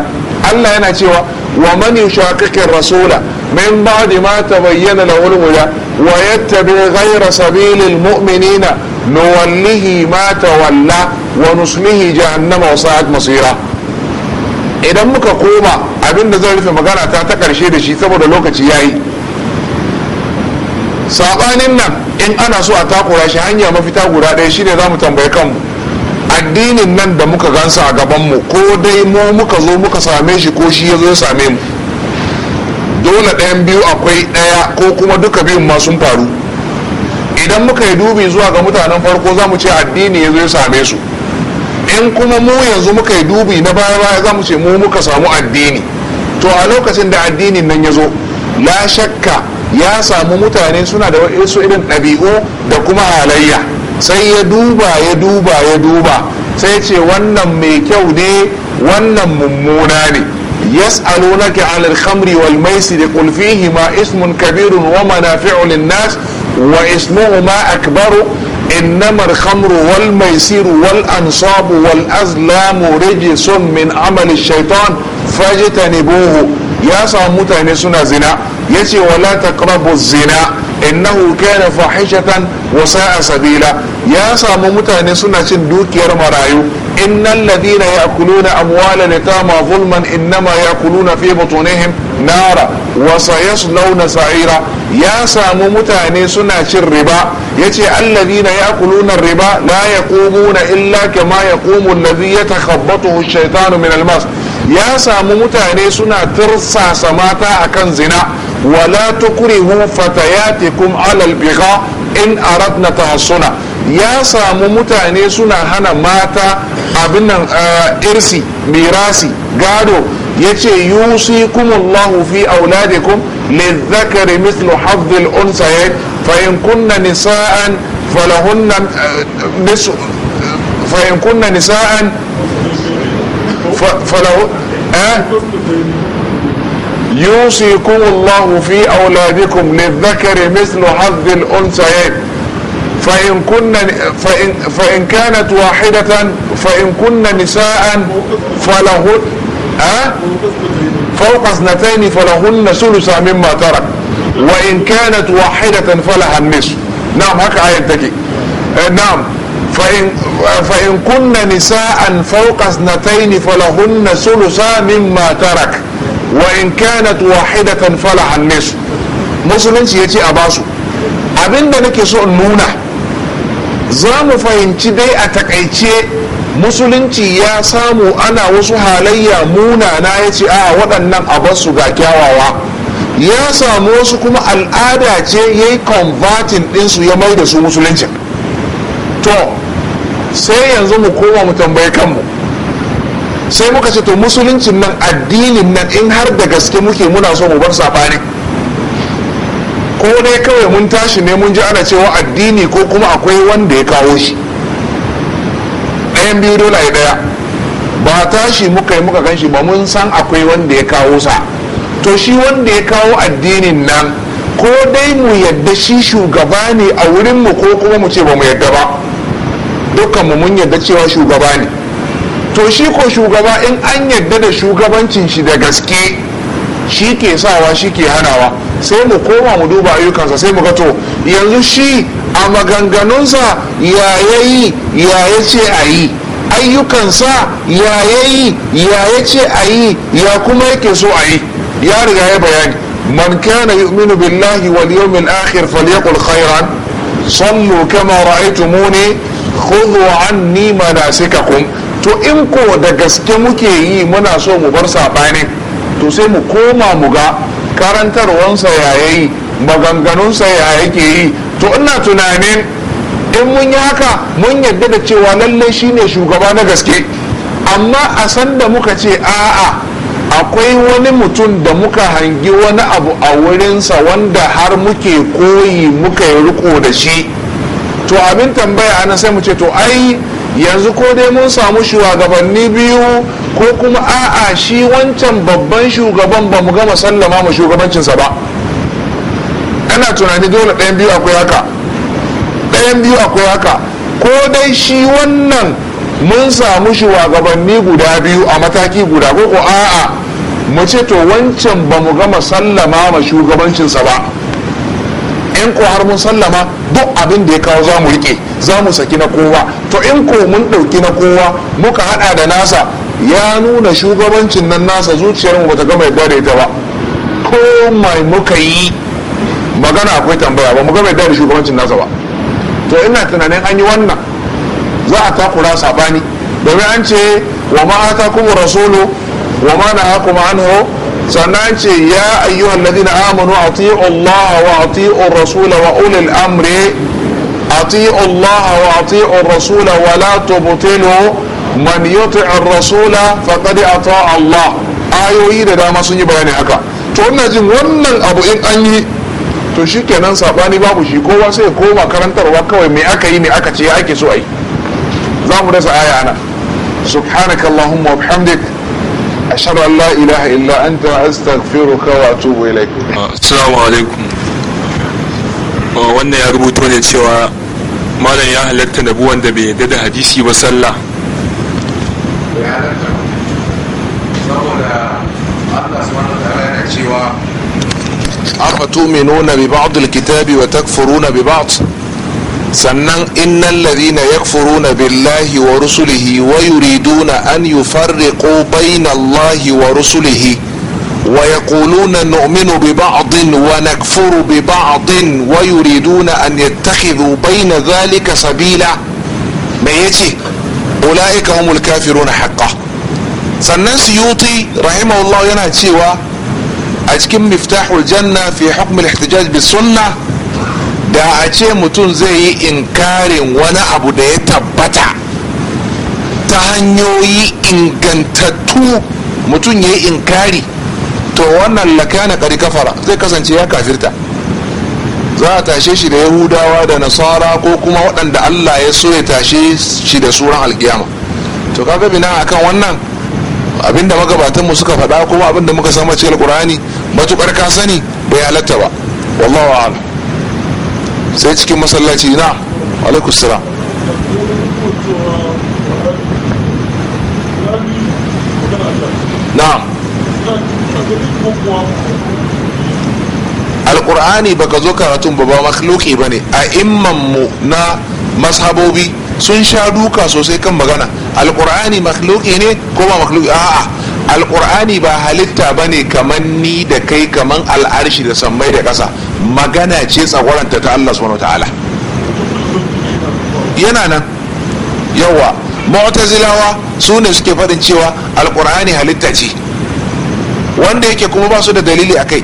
Speaker 1: الله هنا تيوا ومن يشاكك الرسول من بعد ما تبين له الهدى ويتبع غير سبيل المؤمنين نوليه ما تولى ونصله جهنم وساعد مصيره idan muka koma abinda zan rufe magana ta ta karshe da shi saboda lokaci ya yi. saɓanin nan in ana so a takura shi hanya mafita guda ɗaya shine za mu tambayi kanmu addinin nan da muka gansa a gabanmu ko dai mu muka zo muka same shi ko shi ya zo same mu dole ɗayan biyu akwai ɗaya ko kuma duka biyun ma sun faru idan muka yi dubi zuwa ga mutanen farko za mu ce addini ya zo ya same su in kuma mu yanzu muka yi dubi na baya baya za mu ce mu muka samu addini to a lokacin da addinin nan ya zo la shakka ya samu mutane suna da wasu irin ɗabi'u da kuma halayya sai ya duba ya duba ya duba sai ce wannan mai kyau ne wannan mummuna ne yas'alunaka 'anil khamri wal da qul fihima ismun kabirun wa manafi'u lin-nas wa ma akbaru إنما الخمر والميسير والأنصاب والأزلام رجس من عمل الشيطان فاجتنبوه يا صاموت نسنا زنا يتي ولا تقربوا الزنا إنه كان فاحشة وساء سبيلا يا سامو متهني سنة دوك مرايو إن الذين يأكلون أموال اليتامى ظلما إنما يأكلون في بطونهم نارا وسيصلون سعيرا ya samu mutane suna cin riba ya ce allazina yaquluna riba la na illa kama yaqumu allazi yatakhabbathu ash-shaytanu min al ya samu mutane suna tirsasa mata akan zina wala tukrihu fatayatikum ala al in aradna tahassuna ya samu mutane suna hana mata abin nan eh, irsi mirasi gado يوصيكم الله في أولادكم للذكر مثل حظ الأنثيين فإن كن نساء فلهن آه، فإن كن نساء فلهن أه يوصيكم الله في أولادكم للذكر مثل حظ الأنثيين فإن كن فإن فإن كانت واحدة فإن كن نساء فلهن فوق اثنتين فلهن ثلث مما ترك وإن كانت واحدة فلها النصف نعم هكا آية تجي آه، نعم فإن, فإن كن نساء فوق اثنتين فلهن ثلث مما ترك وإن كانت واحدة فلها النصف musulunci ya ce a basu abinda nake so in nuna za mu musulunci ya samu ana wasu halayya munana ya ce a waɗannan abarsu ga kyawawa ya samu wasu kuma al'ada ce ya yi convertin ɗinsu ya mai da su musulunci to sai yanzu mu koma mu tambayi kanmu sai muka ce to musuluncin nan addinin nan in har da gaske muke muna so mu bar saɓani ko dai kawai mun tashi ne mun ji ana cewa addini ko kuma akwai wanda ya kawo shi bayan biyu dole ya daya ba tashi muka yi muka gan shi ba mun san akwai wanda ya kawo sa to shi wanda ya kawo addinin nan ko dai mu yadda shi shugaba ne a mu ko kuma mu ce ba mu yadda ba dukkanmu mun yadda cewa shugaba ne to shi ko shugaba in an yadda da shugabancin shi da gaske shi ke sawa shi ke hanawa sai mu koma mu duba ayyukansa sai mu ga to yanzu shi a maganganunsa ya yayi ya ya ce a yi ayyukansa ya yayi ya ya ce a yi ya kuma yake so a yi ya riga ya bayani man kana yu'minu billahi wal yawmil akhir falyaqul khairan sallu kama ra'aytumuni khudhu anni manasikakum to in ko da gaske muke yi muna so mu bar sabani to sai mu koma mu ga karantarwansa ya yayi maganganunsa ya yake yi to ina tunanin in mun yi haka mun yarda da cewa lallai shine shugaba na gaske amma a sanda muka ce a'a akwai wani mutum da muka hangi wani abu a wurinsa wanda har muke koyi muka yi riko da shi to abin tambaya ana sai mu ce to ai yanzu ko dai mun samu shugabanni biyu ko kuma a'a shi wancan babban shugaban ba mu gama sallama ma shugabancinsa ba ana tunani dole ɗayan biyu akwai haka bayan biyu akwai haka ko dai shi wannan mun samu shugabanni guda biyu a mataki guda ko ko a'a mu ce to wancan ba mu gama sallama ma shugabancinsa ba in ko har mun sallama duk abin da ya kawo za mu rike za mu saki na kowa to in ko mun ɗauki na kowa muka haɗa da nasa ya nuna shugabancin nan nasa zuciyar mu bata gama yadda da ita ba ko mai muka yi magana akwai tambaya ba mu gama yadda da shugabancin nasa ba to ina tunanin an yi wannan za a takura sabani domin an ce wa ma atakum rasulu wa ma nahakum anhu sannan ce ya ayyuhal ladina amanu ati'u Allah wa ati'u rasul wa ulil amri ati'u Allah wa ati'u rasul wa la tubtilu man yuti'u rasul faqad ata'a Allah ayoyi da dama sun yi bayani haka to ina jin wannan abu in an yi to shi kenan saɓani babu shi kowa sai koma karantarwa kawai mai aka yi ne aka ce ake so a yi za mu dasa aya ana subhanaka allahumma wa bihamdik ashhadu an la ilaha illa anta astaghfiruka wa atubu ilaik ah, assalamu alaikum ah, wannan ya rubuto ne cewa malam ya halatta da buwan da bai yadda da hadisi ba sallah saboda Allah subhanahu wa ta'ala yana cewa افتؤمنون ببعض الكتاب وتكفرون ببعض سنن ان الذين يكفرون بالله ورسله ويريدون ان يفرقوا بين الله ورسله ويقولون نؤمن ببعض ونكفر ببعض ويريدون ان يتخذوا بين ذلك سبيلا ما يجي اولئك هم الكافرون حقا سنن سيوطي رحمه الله ينهى a cikin miftahul janna fi hukumul ihtijaj bi sunna da a ce mutum zai yi inkarin wani abu da ya tabbata ta hanyoyi ingantattu mutum ya yi inkari to wannan lakana kari kafara zai kasance ya kafirta za a tashe shi da yahudawa da nasara ko kuma waɗanda allah ya so ya tashe shi da suran alkiyama to kaga bina akan wannan abinda magabatan mu suka faɗa kuma abinda muka samu cikin alkur'ani matukar ka sani bai halatta ba wallahu a'lam sai cikin masallaci na alaikum salam na'am alkur'ani baka zo karatun ba ba makhluki bane a imman mu na mashabobi sun sha duka sosai kan magana alkur'ani makhluki ne ko ba makhluki a'a alkur'ani ba halitta ba ne kamar ni da kai kamar al'arshi da sammai da ƙasa magana ce tsagwaranta ta Allah subhanahu ta'ala yana nan yawa mu'tazilawa su ne suke faɗin cewa alkur'ani halitta ce wanda yake kuma ba su da dalili a kai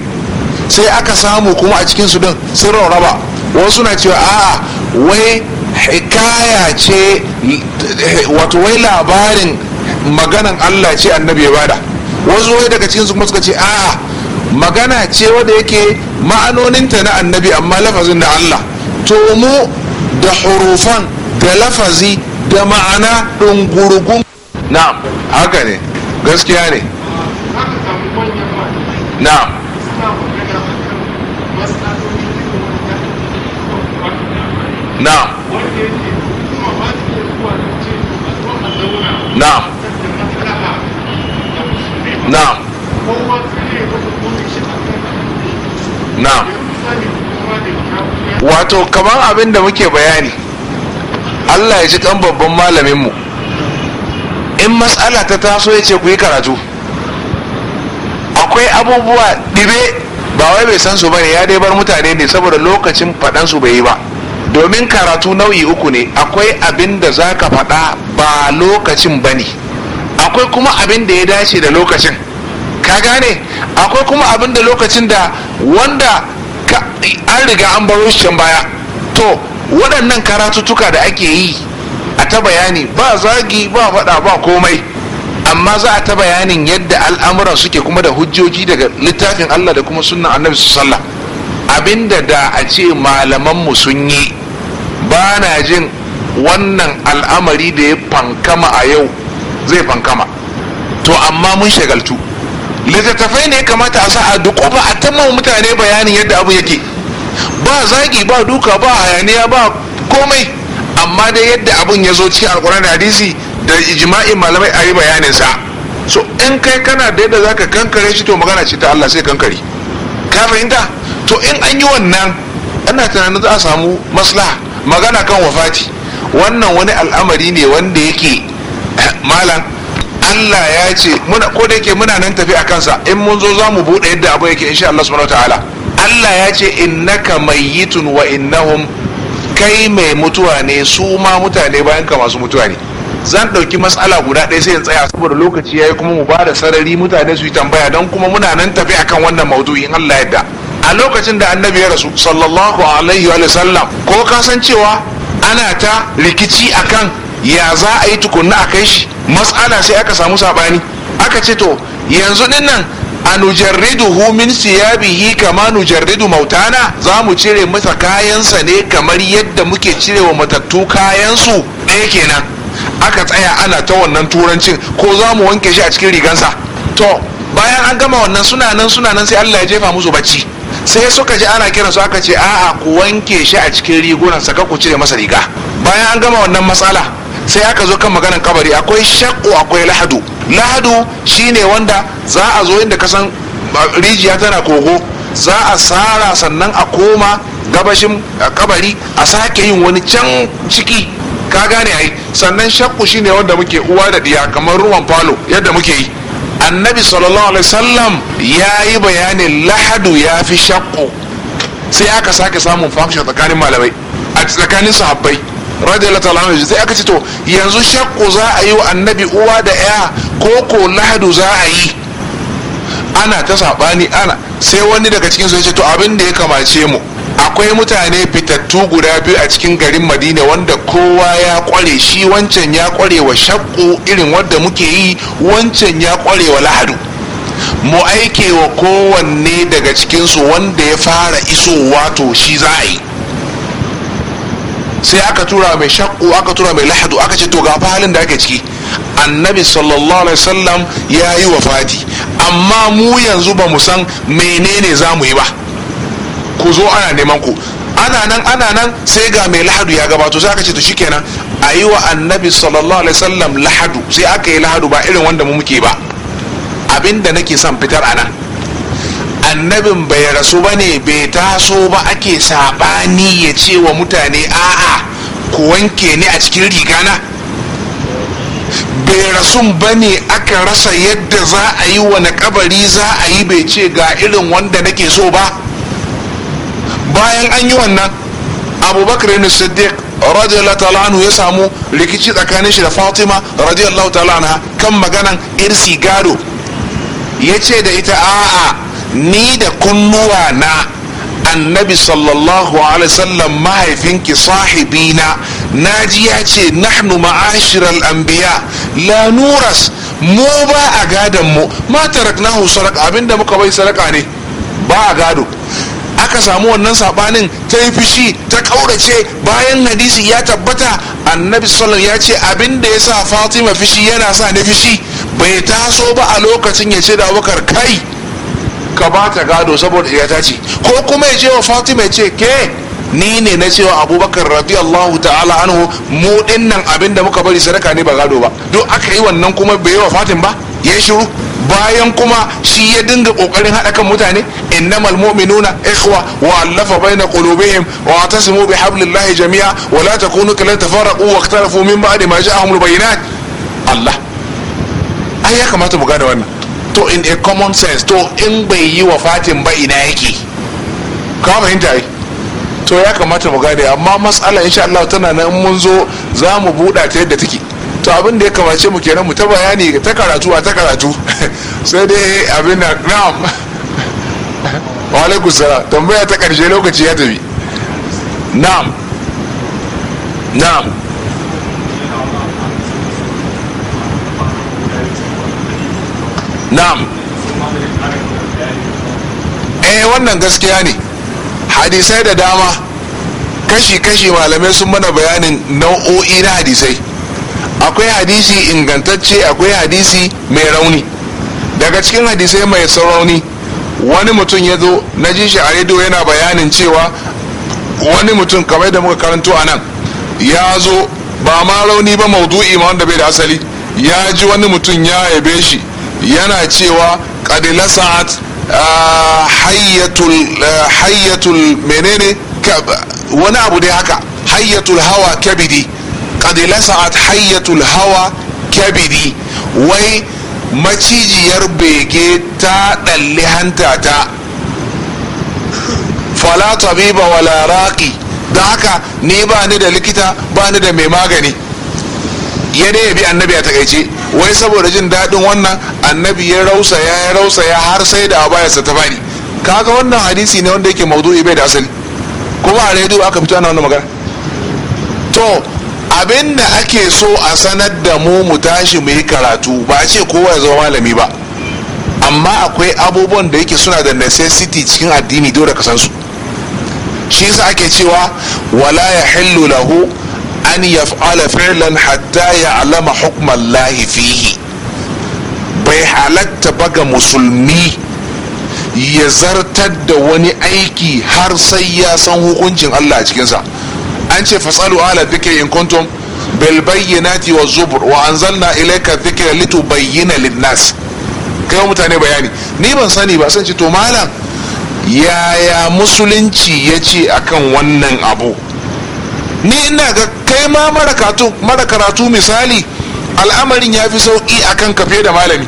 Speaker 1: sai aka samu kuma a cikin su din sun raba wasu na cewa a'a wai hikaya ce wato wai labarin maganan Allah ce annabi ya bada wasu wai daga cikin su kuma suka ce a'a magana ce wanda yake ma'anoninta na annabi amma lafazin da Allah to mu da hurufan da lafazi da ma'ana ɗungurgun na'am haka ne gaskiya ne na'am na'am wato kamar abin da muke bayani allah ya ji kan babban malaminmu in matsala ta taso ya ce ku yi karatu akwai abubuwa ɗibe ba wai bai san su ba ne ya dai bar mutane ne saboda lokacin faɗansu bai yi ba domin karatu nau'i uku ne akwai abin da za ka faɗa ba lokacin ba ne akwai kuma abin da ya dace da lokacin ka gane akwai kuma abin da lokacin da wanda an riga an baro shi can baya to waɗannan karatuttuka da ake yi a ta bayani ba zagi ba faɗa ba komai amma za a ta bayanin yadda al'amuran suke kuma da hujjoji daga littafin Allah da kuma sunan annabi su sallah abinda da a ce malamanmu sun yi ba na jin wannan al'amari da ya fankama a yau zai fankama to amma mun shagaltu littattafai ne ya kamata a sa a duk ba a tamma mutane bayanin yadda abu yake ba zagi ba duka ba hayaniya ba komai amma dai yadda abun ya zo ci alkur'an da hadisi da ijma'in malamai a yi bayanin sa so in kai kana da yadda zaka kankare shi to magana ce ta Allah sai kankare ka fahimta to in an yi wannan ana tunanin za a samu maslaha magana kan wafati wannan wani al'amari ne wanda yake malam Allah ya ce muna ko da yake muna nan tafi a kansa in mun zo zamu mu buɗe yadda abu yake insha Allah subhanahu ta'ala Allah ya ce innaka mayyitun wa innahum kai mai mutuwa ne su ma mutane bayan ka masu mutuwa ne zan ɗauki matsala guda ɗaya sai in tsaya saboda lokaci yayi kuma mu bada sarari mutane su yi tambaya dan kuma muna nan tafi akan wannan maudu'i in Allah yadda a lokacin da annabi ya rasu sallallahu alaihi wa sallam ko ka san cewa ana ta rikici akan ya za a yi tukunna a kai shi matsala sai aka samu sabani aka ce to yanzu din nan a su min siyabihi kama nujarridu mautana za mu cire masa kayansa ne kamar yadda muke cire wa matattu kayansu ɗaya kenan aka tsaya ana ta wannan turancin ko za mu wanke shi a cikin rigansa to bayan an gama wannan suna nan suna nan sai allah ya jefa musu bacci sai suka je ana kiran su aka ce a'a ku wanke shi a cikin rigunan saka ku cire masa riga bayan an gama wannan matsala sai aka zo kan maganar kabari akwai shakku akwai lahadu lahadu shine wanda za a zo inda kasan rijiya tana kogo za a sara sannan a koma gabashin kabari a sake yin wani can ciki ka gane ai sannan shakku shine wanda muke uwa da diya kamar ruwan falo yadda muke yi annabi sallallahu alaihi wasallam ya yi bayanin lahadu ya fi shakku sai aka sake samun function tsakanin malamai a tsakanin sahabbai radiyallahu ta'ala anhu sai aka ce to yanzu shakku za a yi wa annabi uwa da ya ko ko lahadu za a yi ana ta sabani ana sai wani daga cikin su ya ce to abin da ya kamace mu akwai mutane fitattu guda biyu a cikin garin madina wanda kowa ya kware shi wancan ya kware wa shakku irin wadda muke yi wancan ya kware wa lahadu mu aike wa kowanne daga cikinsu wanda ya fara iso wato shi za a yi sai aka tura mai shakku aka tura mai lahadu aka ce to ga halin da ake ciki annabi sallallahu alaihi wasallam ya yi wa fati amma mu yanzu ba mu san menene za mu yi ba ku zo ana neman ku ana nan ana nan sai ga mai lahadu ya gabato sai aka ce to shikenan a yi wa annabi sallallahu alaihi wasallam lahadu sai aka yi lahadu ba irin wanda mu muke ba abinda nake son fitar a nan annabin bai rasu ba ne bai taso ba ake saɓani ya ce wa mutane a'a ku wanke ni a cikin riga na. bai rasu ba ne aka rasa yadda za a yi wani kabari za a yi bai ce ga irin wanda nake so ba bayan an yi wannan abubakar ibn siddiq radiyallahu ta'ala anhu ya samu rikici tsakanin shi da fatima radiyallahu ta'ala anha kan maganan irsi gado ya ce da ita a'a ni da kunnuwa na annabi sallallahu alaihi sallam mahaifinki sahibina ji ya ce nahnu ma'ashiral anbiya la nuras mu ba a gadon mu ma taraknahu sadaka abinda muka bai sadaka ne ba a gado aka samu wannan sabanin ta yi fushi ta kaurace bayan hadisi ya tabbata annabi sallallahu ya ce abin da ya sa fatima fushi yana sa ni fushi bai taso ba a lokacin ya ce da abubakar kai ka ba ta gado saboda ya tace ce ko kuma ya ce wa fatima ya ce ke ni ne na cewa abubakar radiyallahu ta'ala anhu mu dinnan abin da muka bari sadaka ne ba gado ba duk aka yi wannan kuma bai yi wa fatim ba ya shiru bayan kuma shi ya dinga kokarin haɗa kan mutane إنما المؤمنون إخوة وألف بين قلوبهم واعتصموا بحبل الله جميعا ولا تكونوا كلا تفرقوا واختلفوا من بعد ما جاءهم البينات الله ai ya kamata mu gane wannan to in a common sense to in bai yi wa fatin ba ina yake ka fahimta ai to ya kamata mu gane amma matsala insha Allah tana nan mun zo za mu buɗa ta yadda take to abin da ya kamace mu kenan mu ta bayani ta karatu a ta karatu sai dai abin na na'am wa tambaya ta karshe lokaci ya tafi na'am na'am na'am eh wannan gaskiya ne hadisai da dama kashi-kashi malamai sun mana bayanin nau'o'i na hadisai akwai hadisi ingantacce akwai hadisi mai rauni daga cikin hadisai mai rauni wani mutum ya zo na ji shi a rediyo yana bayanin cewa wani mutum kamar da muka karanto a nan ya zo ba ma rauni ba maudu'i ma wanda bai da asali ya ji wani mutum ya yabe shi yana cewa kadila sa'at ah, ah, hayyatul menene wani abu dai haka hayyatul hawa kabidi kadila sa'at hayyatul hawa kabidi wai macijiyar bege ta ɗalli hanta ta fala tabiba wala da haka ni ba ni da likita ba ni da mai magani ya ne ya bi annabi a takaice wai saboda jin daɗin wannan annabi ya rausa ya rausa ya har sai da abayarsa ta fadi kaga wannan hadisi ne wanda yake maudu'i bai da asali kuma a rediyo aka fito ana wannan magana to abinda ake so a sanar da mu mu tashi mu yi karatu ba a ce kowa ya zama malami ba amma akwai abubuwan da yake suna da necessity cikin addini dole ka san su shi yasa ake cewa wala ya hillu lahu an yaf'ala fi'lan hatta ya'lama hukman lahi fihi bai halatta ba ga musulmi ya zartar da wani aiki har sai ya san hukuncin Allah a cikinsa an ce fasalu ala dhikri in kuntum bil bayyinati wa zubur wa anzalna ilayka dhikra litubayyana lin-nas kai mutane bayani ni ban sani ba san ce to malam yaya musulunci ya ce akan wannan abu ni ina ga kai ma mara karatu misali al'amarin ya fi sauƙi akan kafe da malami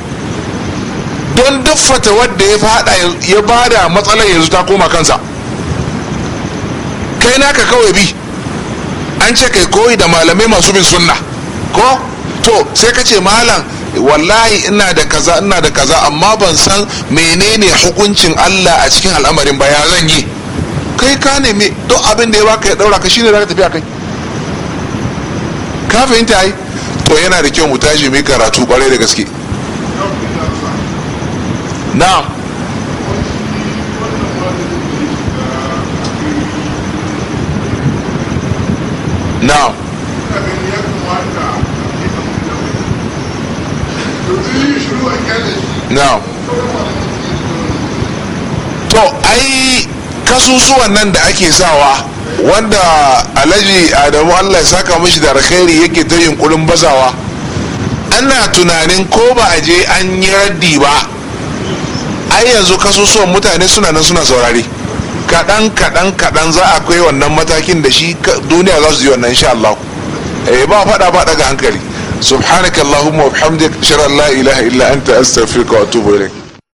Speaker 1: don duk fatawar ya fada ya bada matsalar yanzu ta koma kansa kai naka kawai bi an ce kai koyi da malamai masu bin sunna ko to sai ka ce malam wallahi ina da kaza ina da kaza amma ban san menene hukuncin Allah a cikin al'amarin ba ya zan yi kai ka nemi to abin da ya baka ya daura ka shine zaka tafi akai ka fahimta ai to yana da kyau mu tashi mu karatu bare da gaske na'am to ai kasusuwan nan da ake sawa wanda alaji adamu allah ya saka mishi da alkhairi yake ta yunkurin bazawa ana tunanin ko ba a je an yi raddi ba ai yanzu kasusuwan mutane suna nan suna saurari kaɗan kaɗan kaɗan za a kai wannan matakin da shi duniya za su yi wannan insha Allah eh ba faɗa ba daga hankali subhanakallahumma wa bihamdika ashhadu la ilaha illa anta astaghfiruka wa atubu ilayk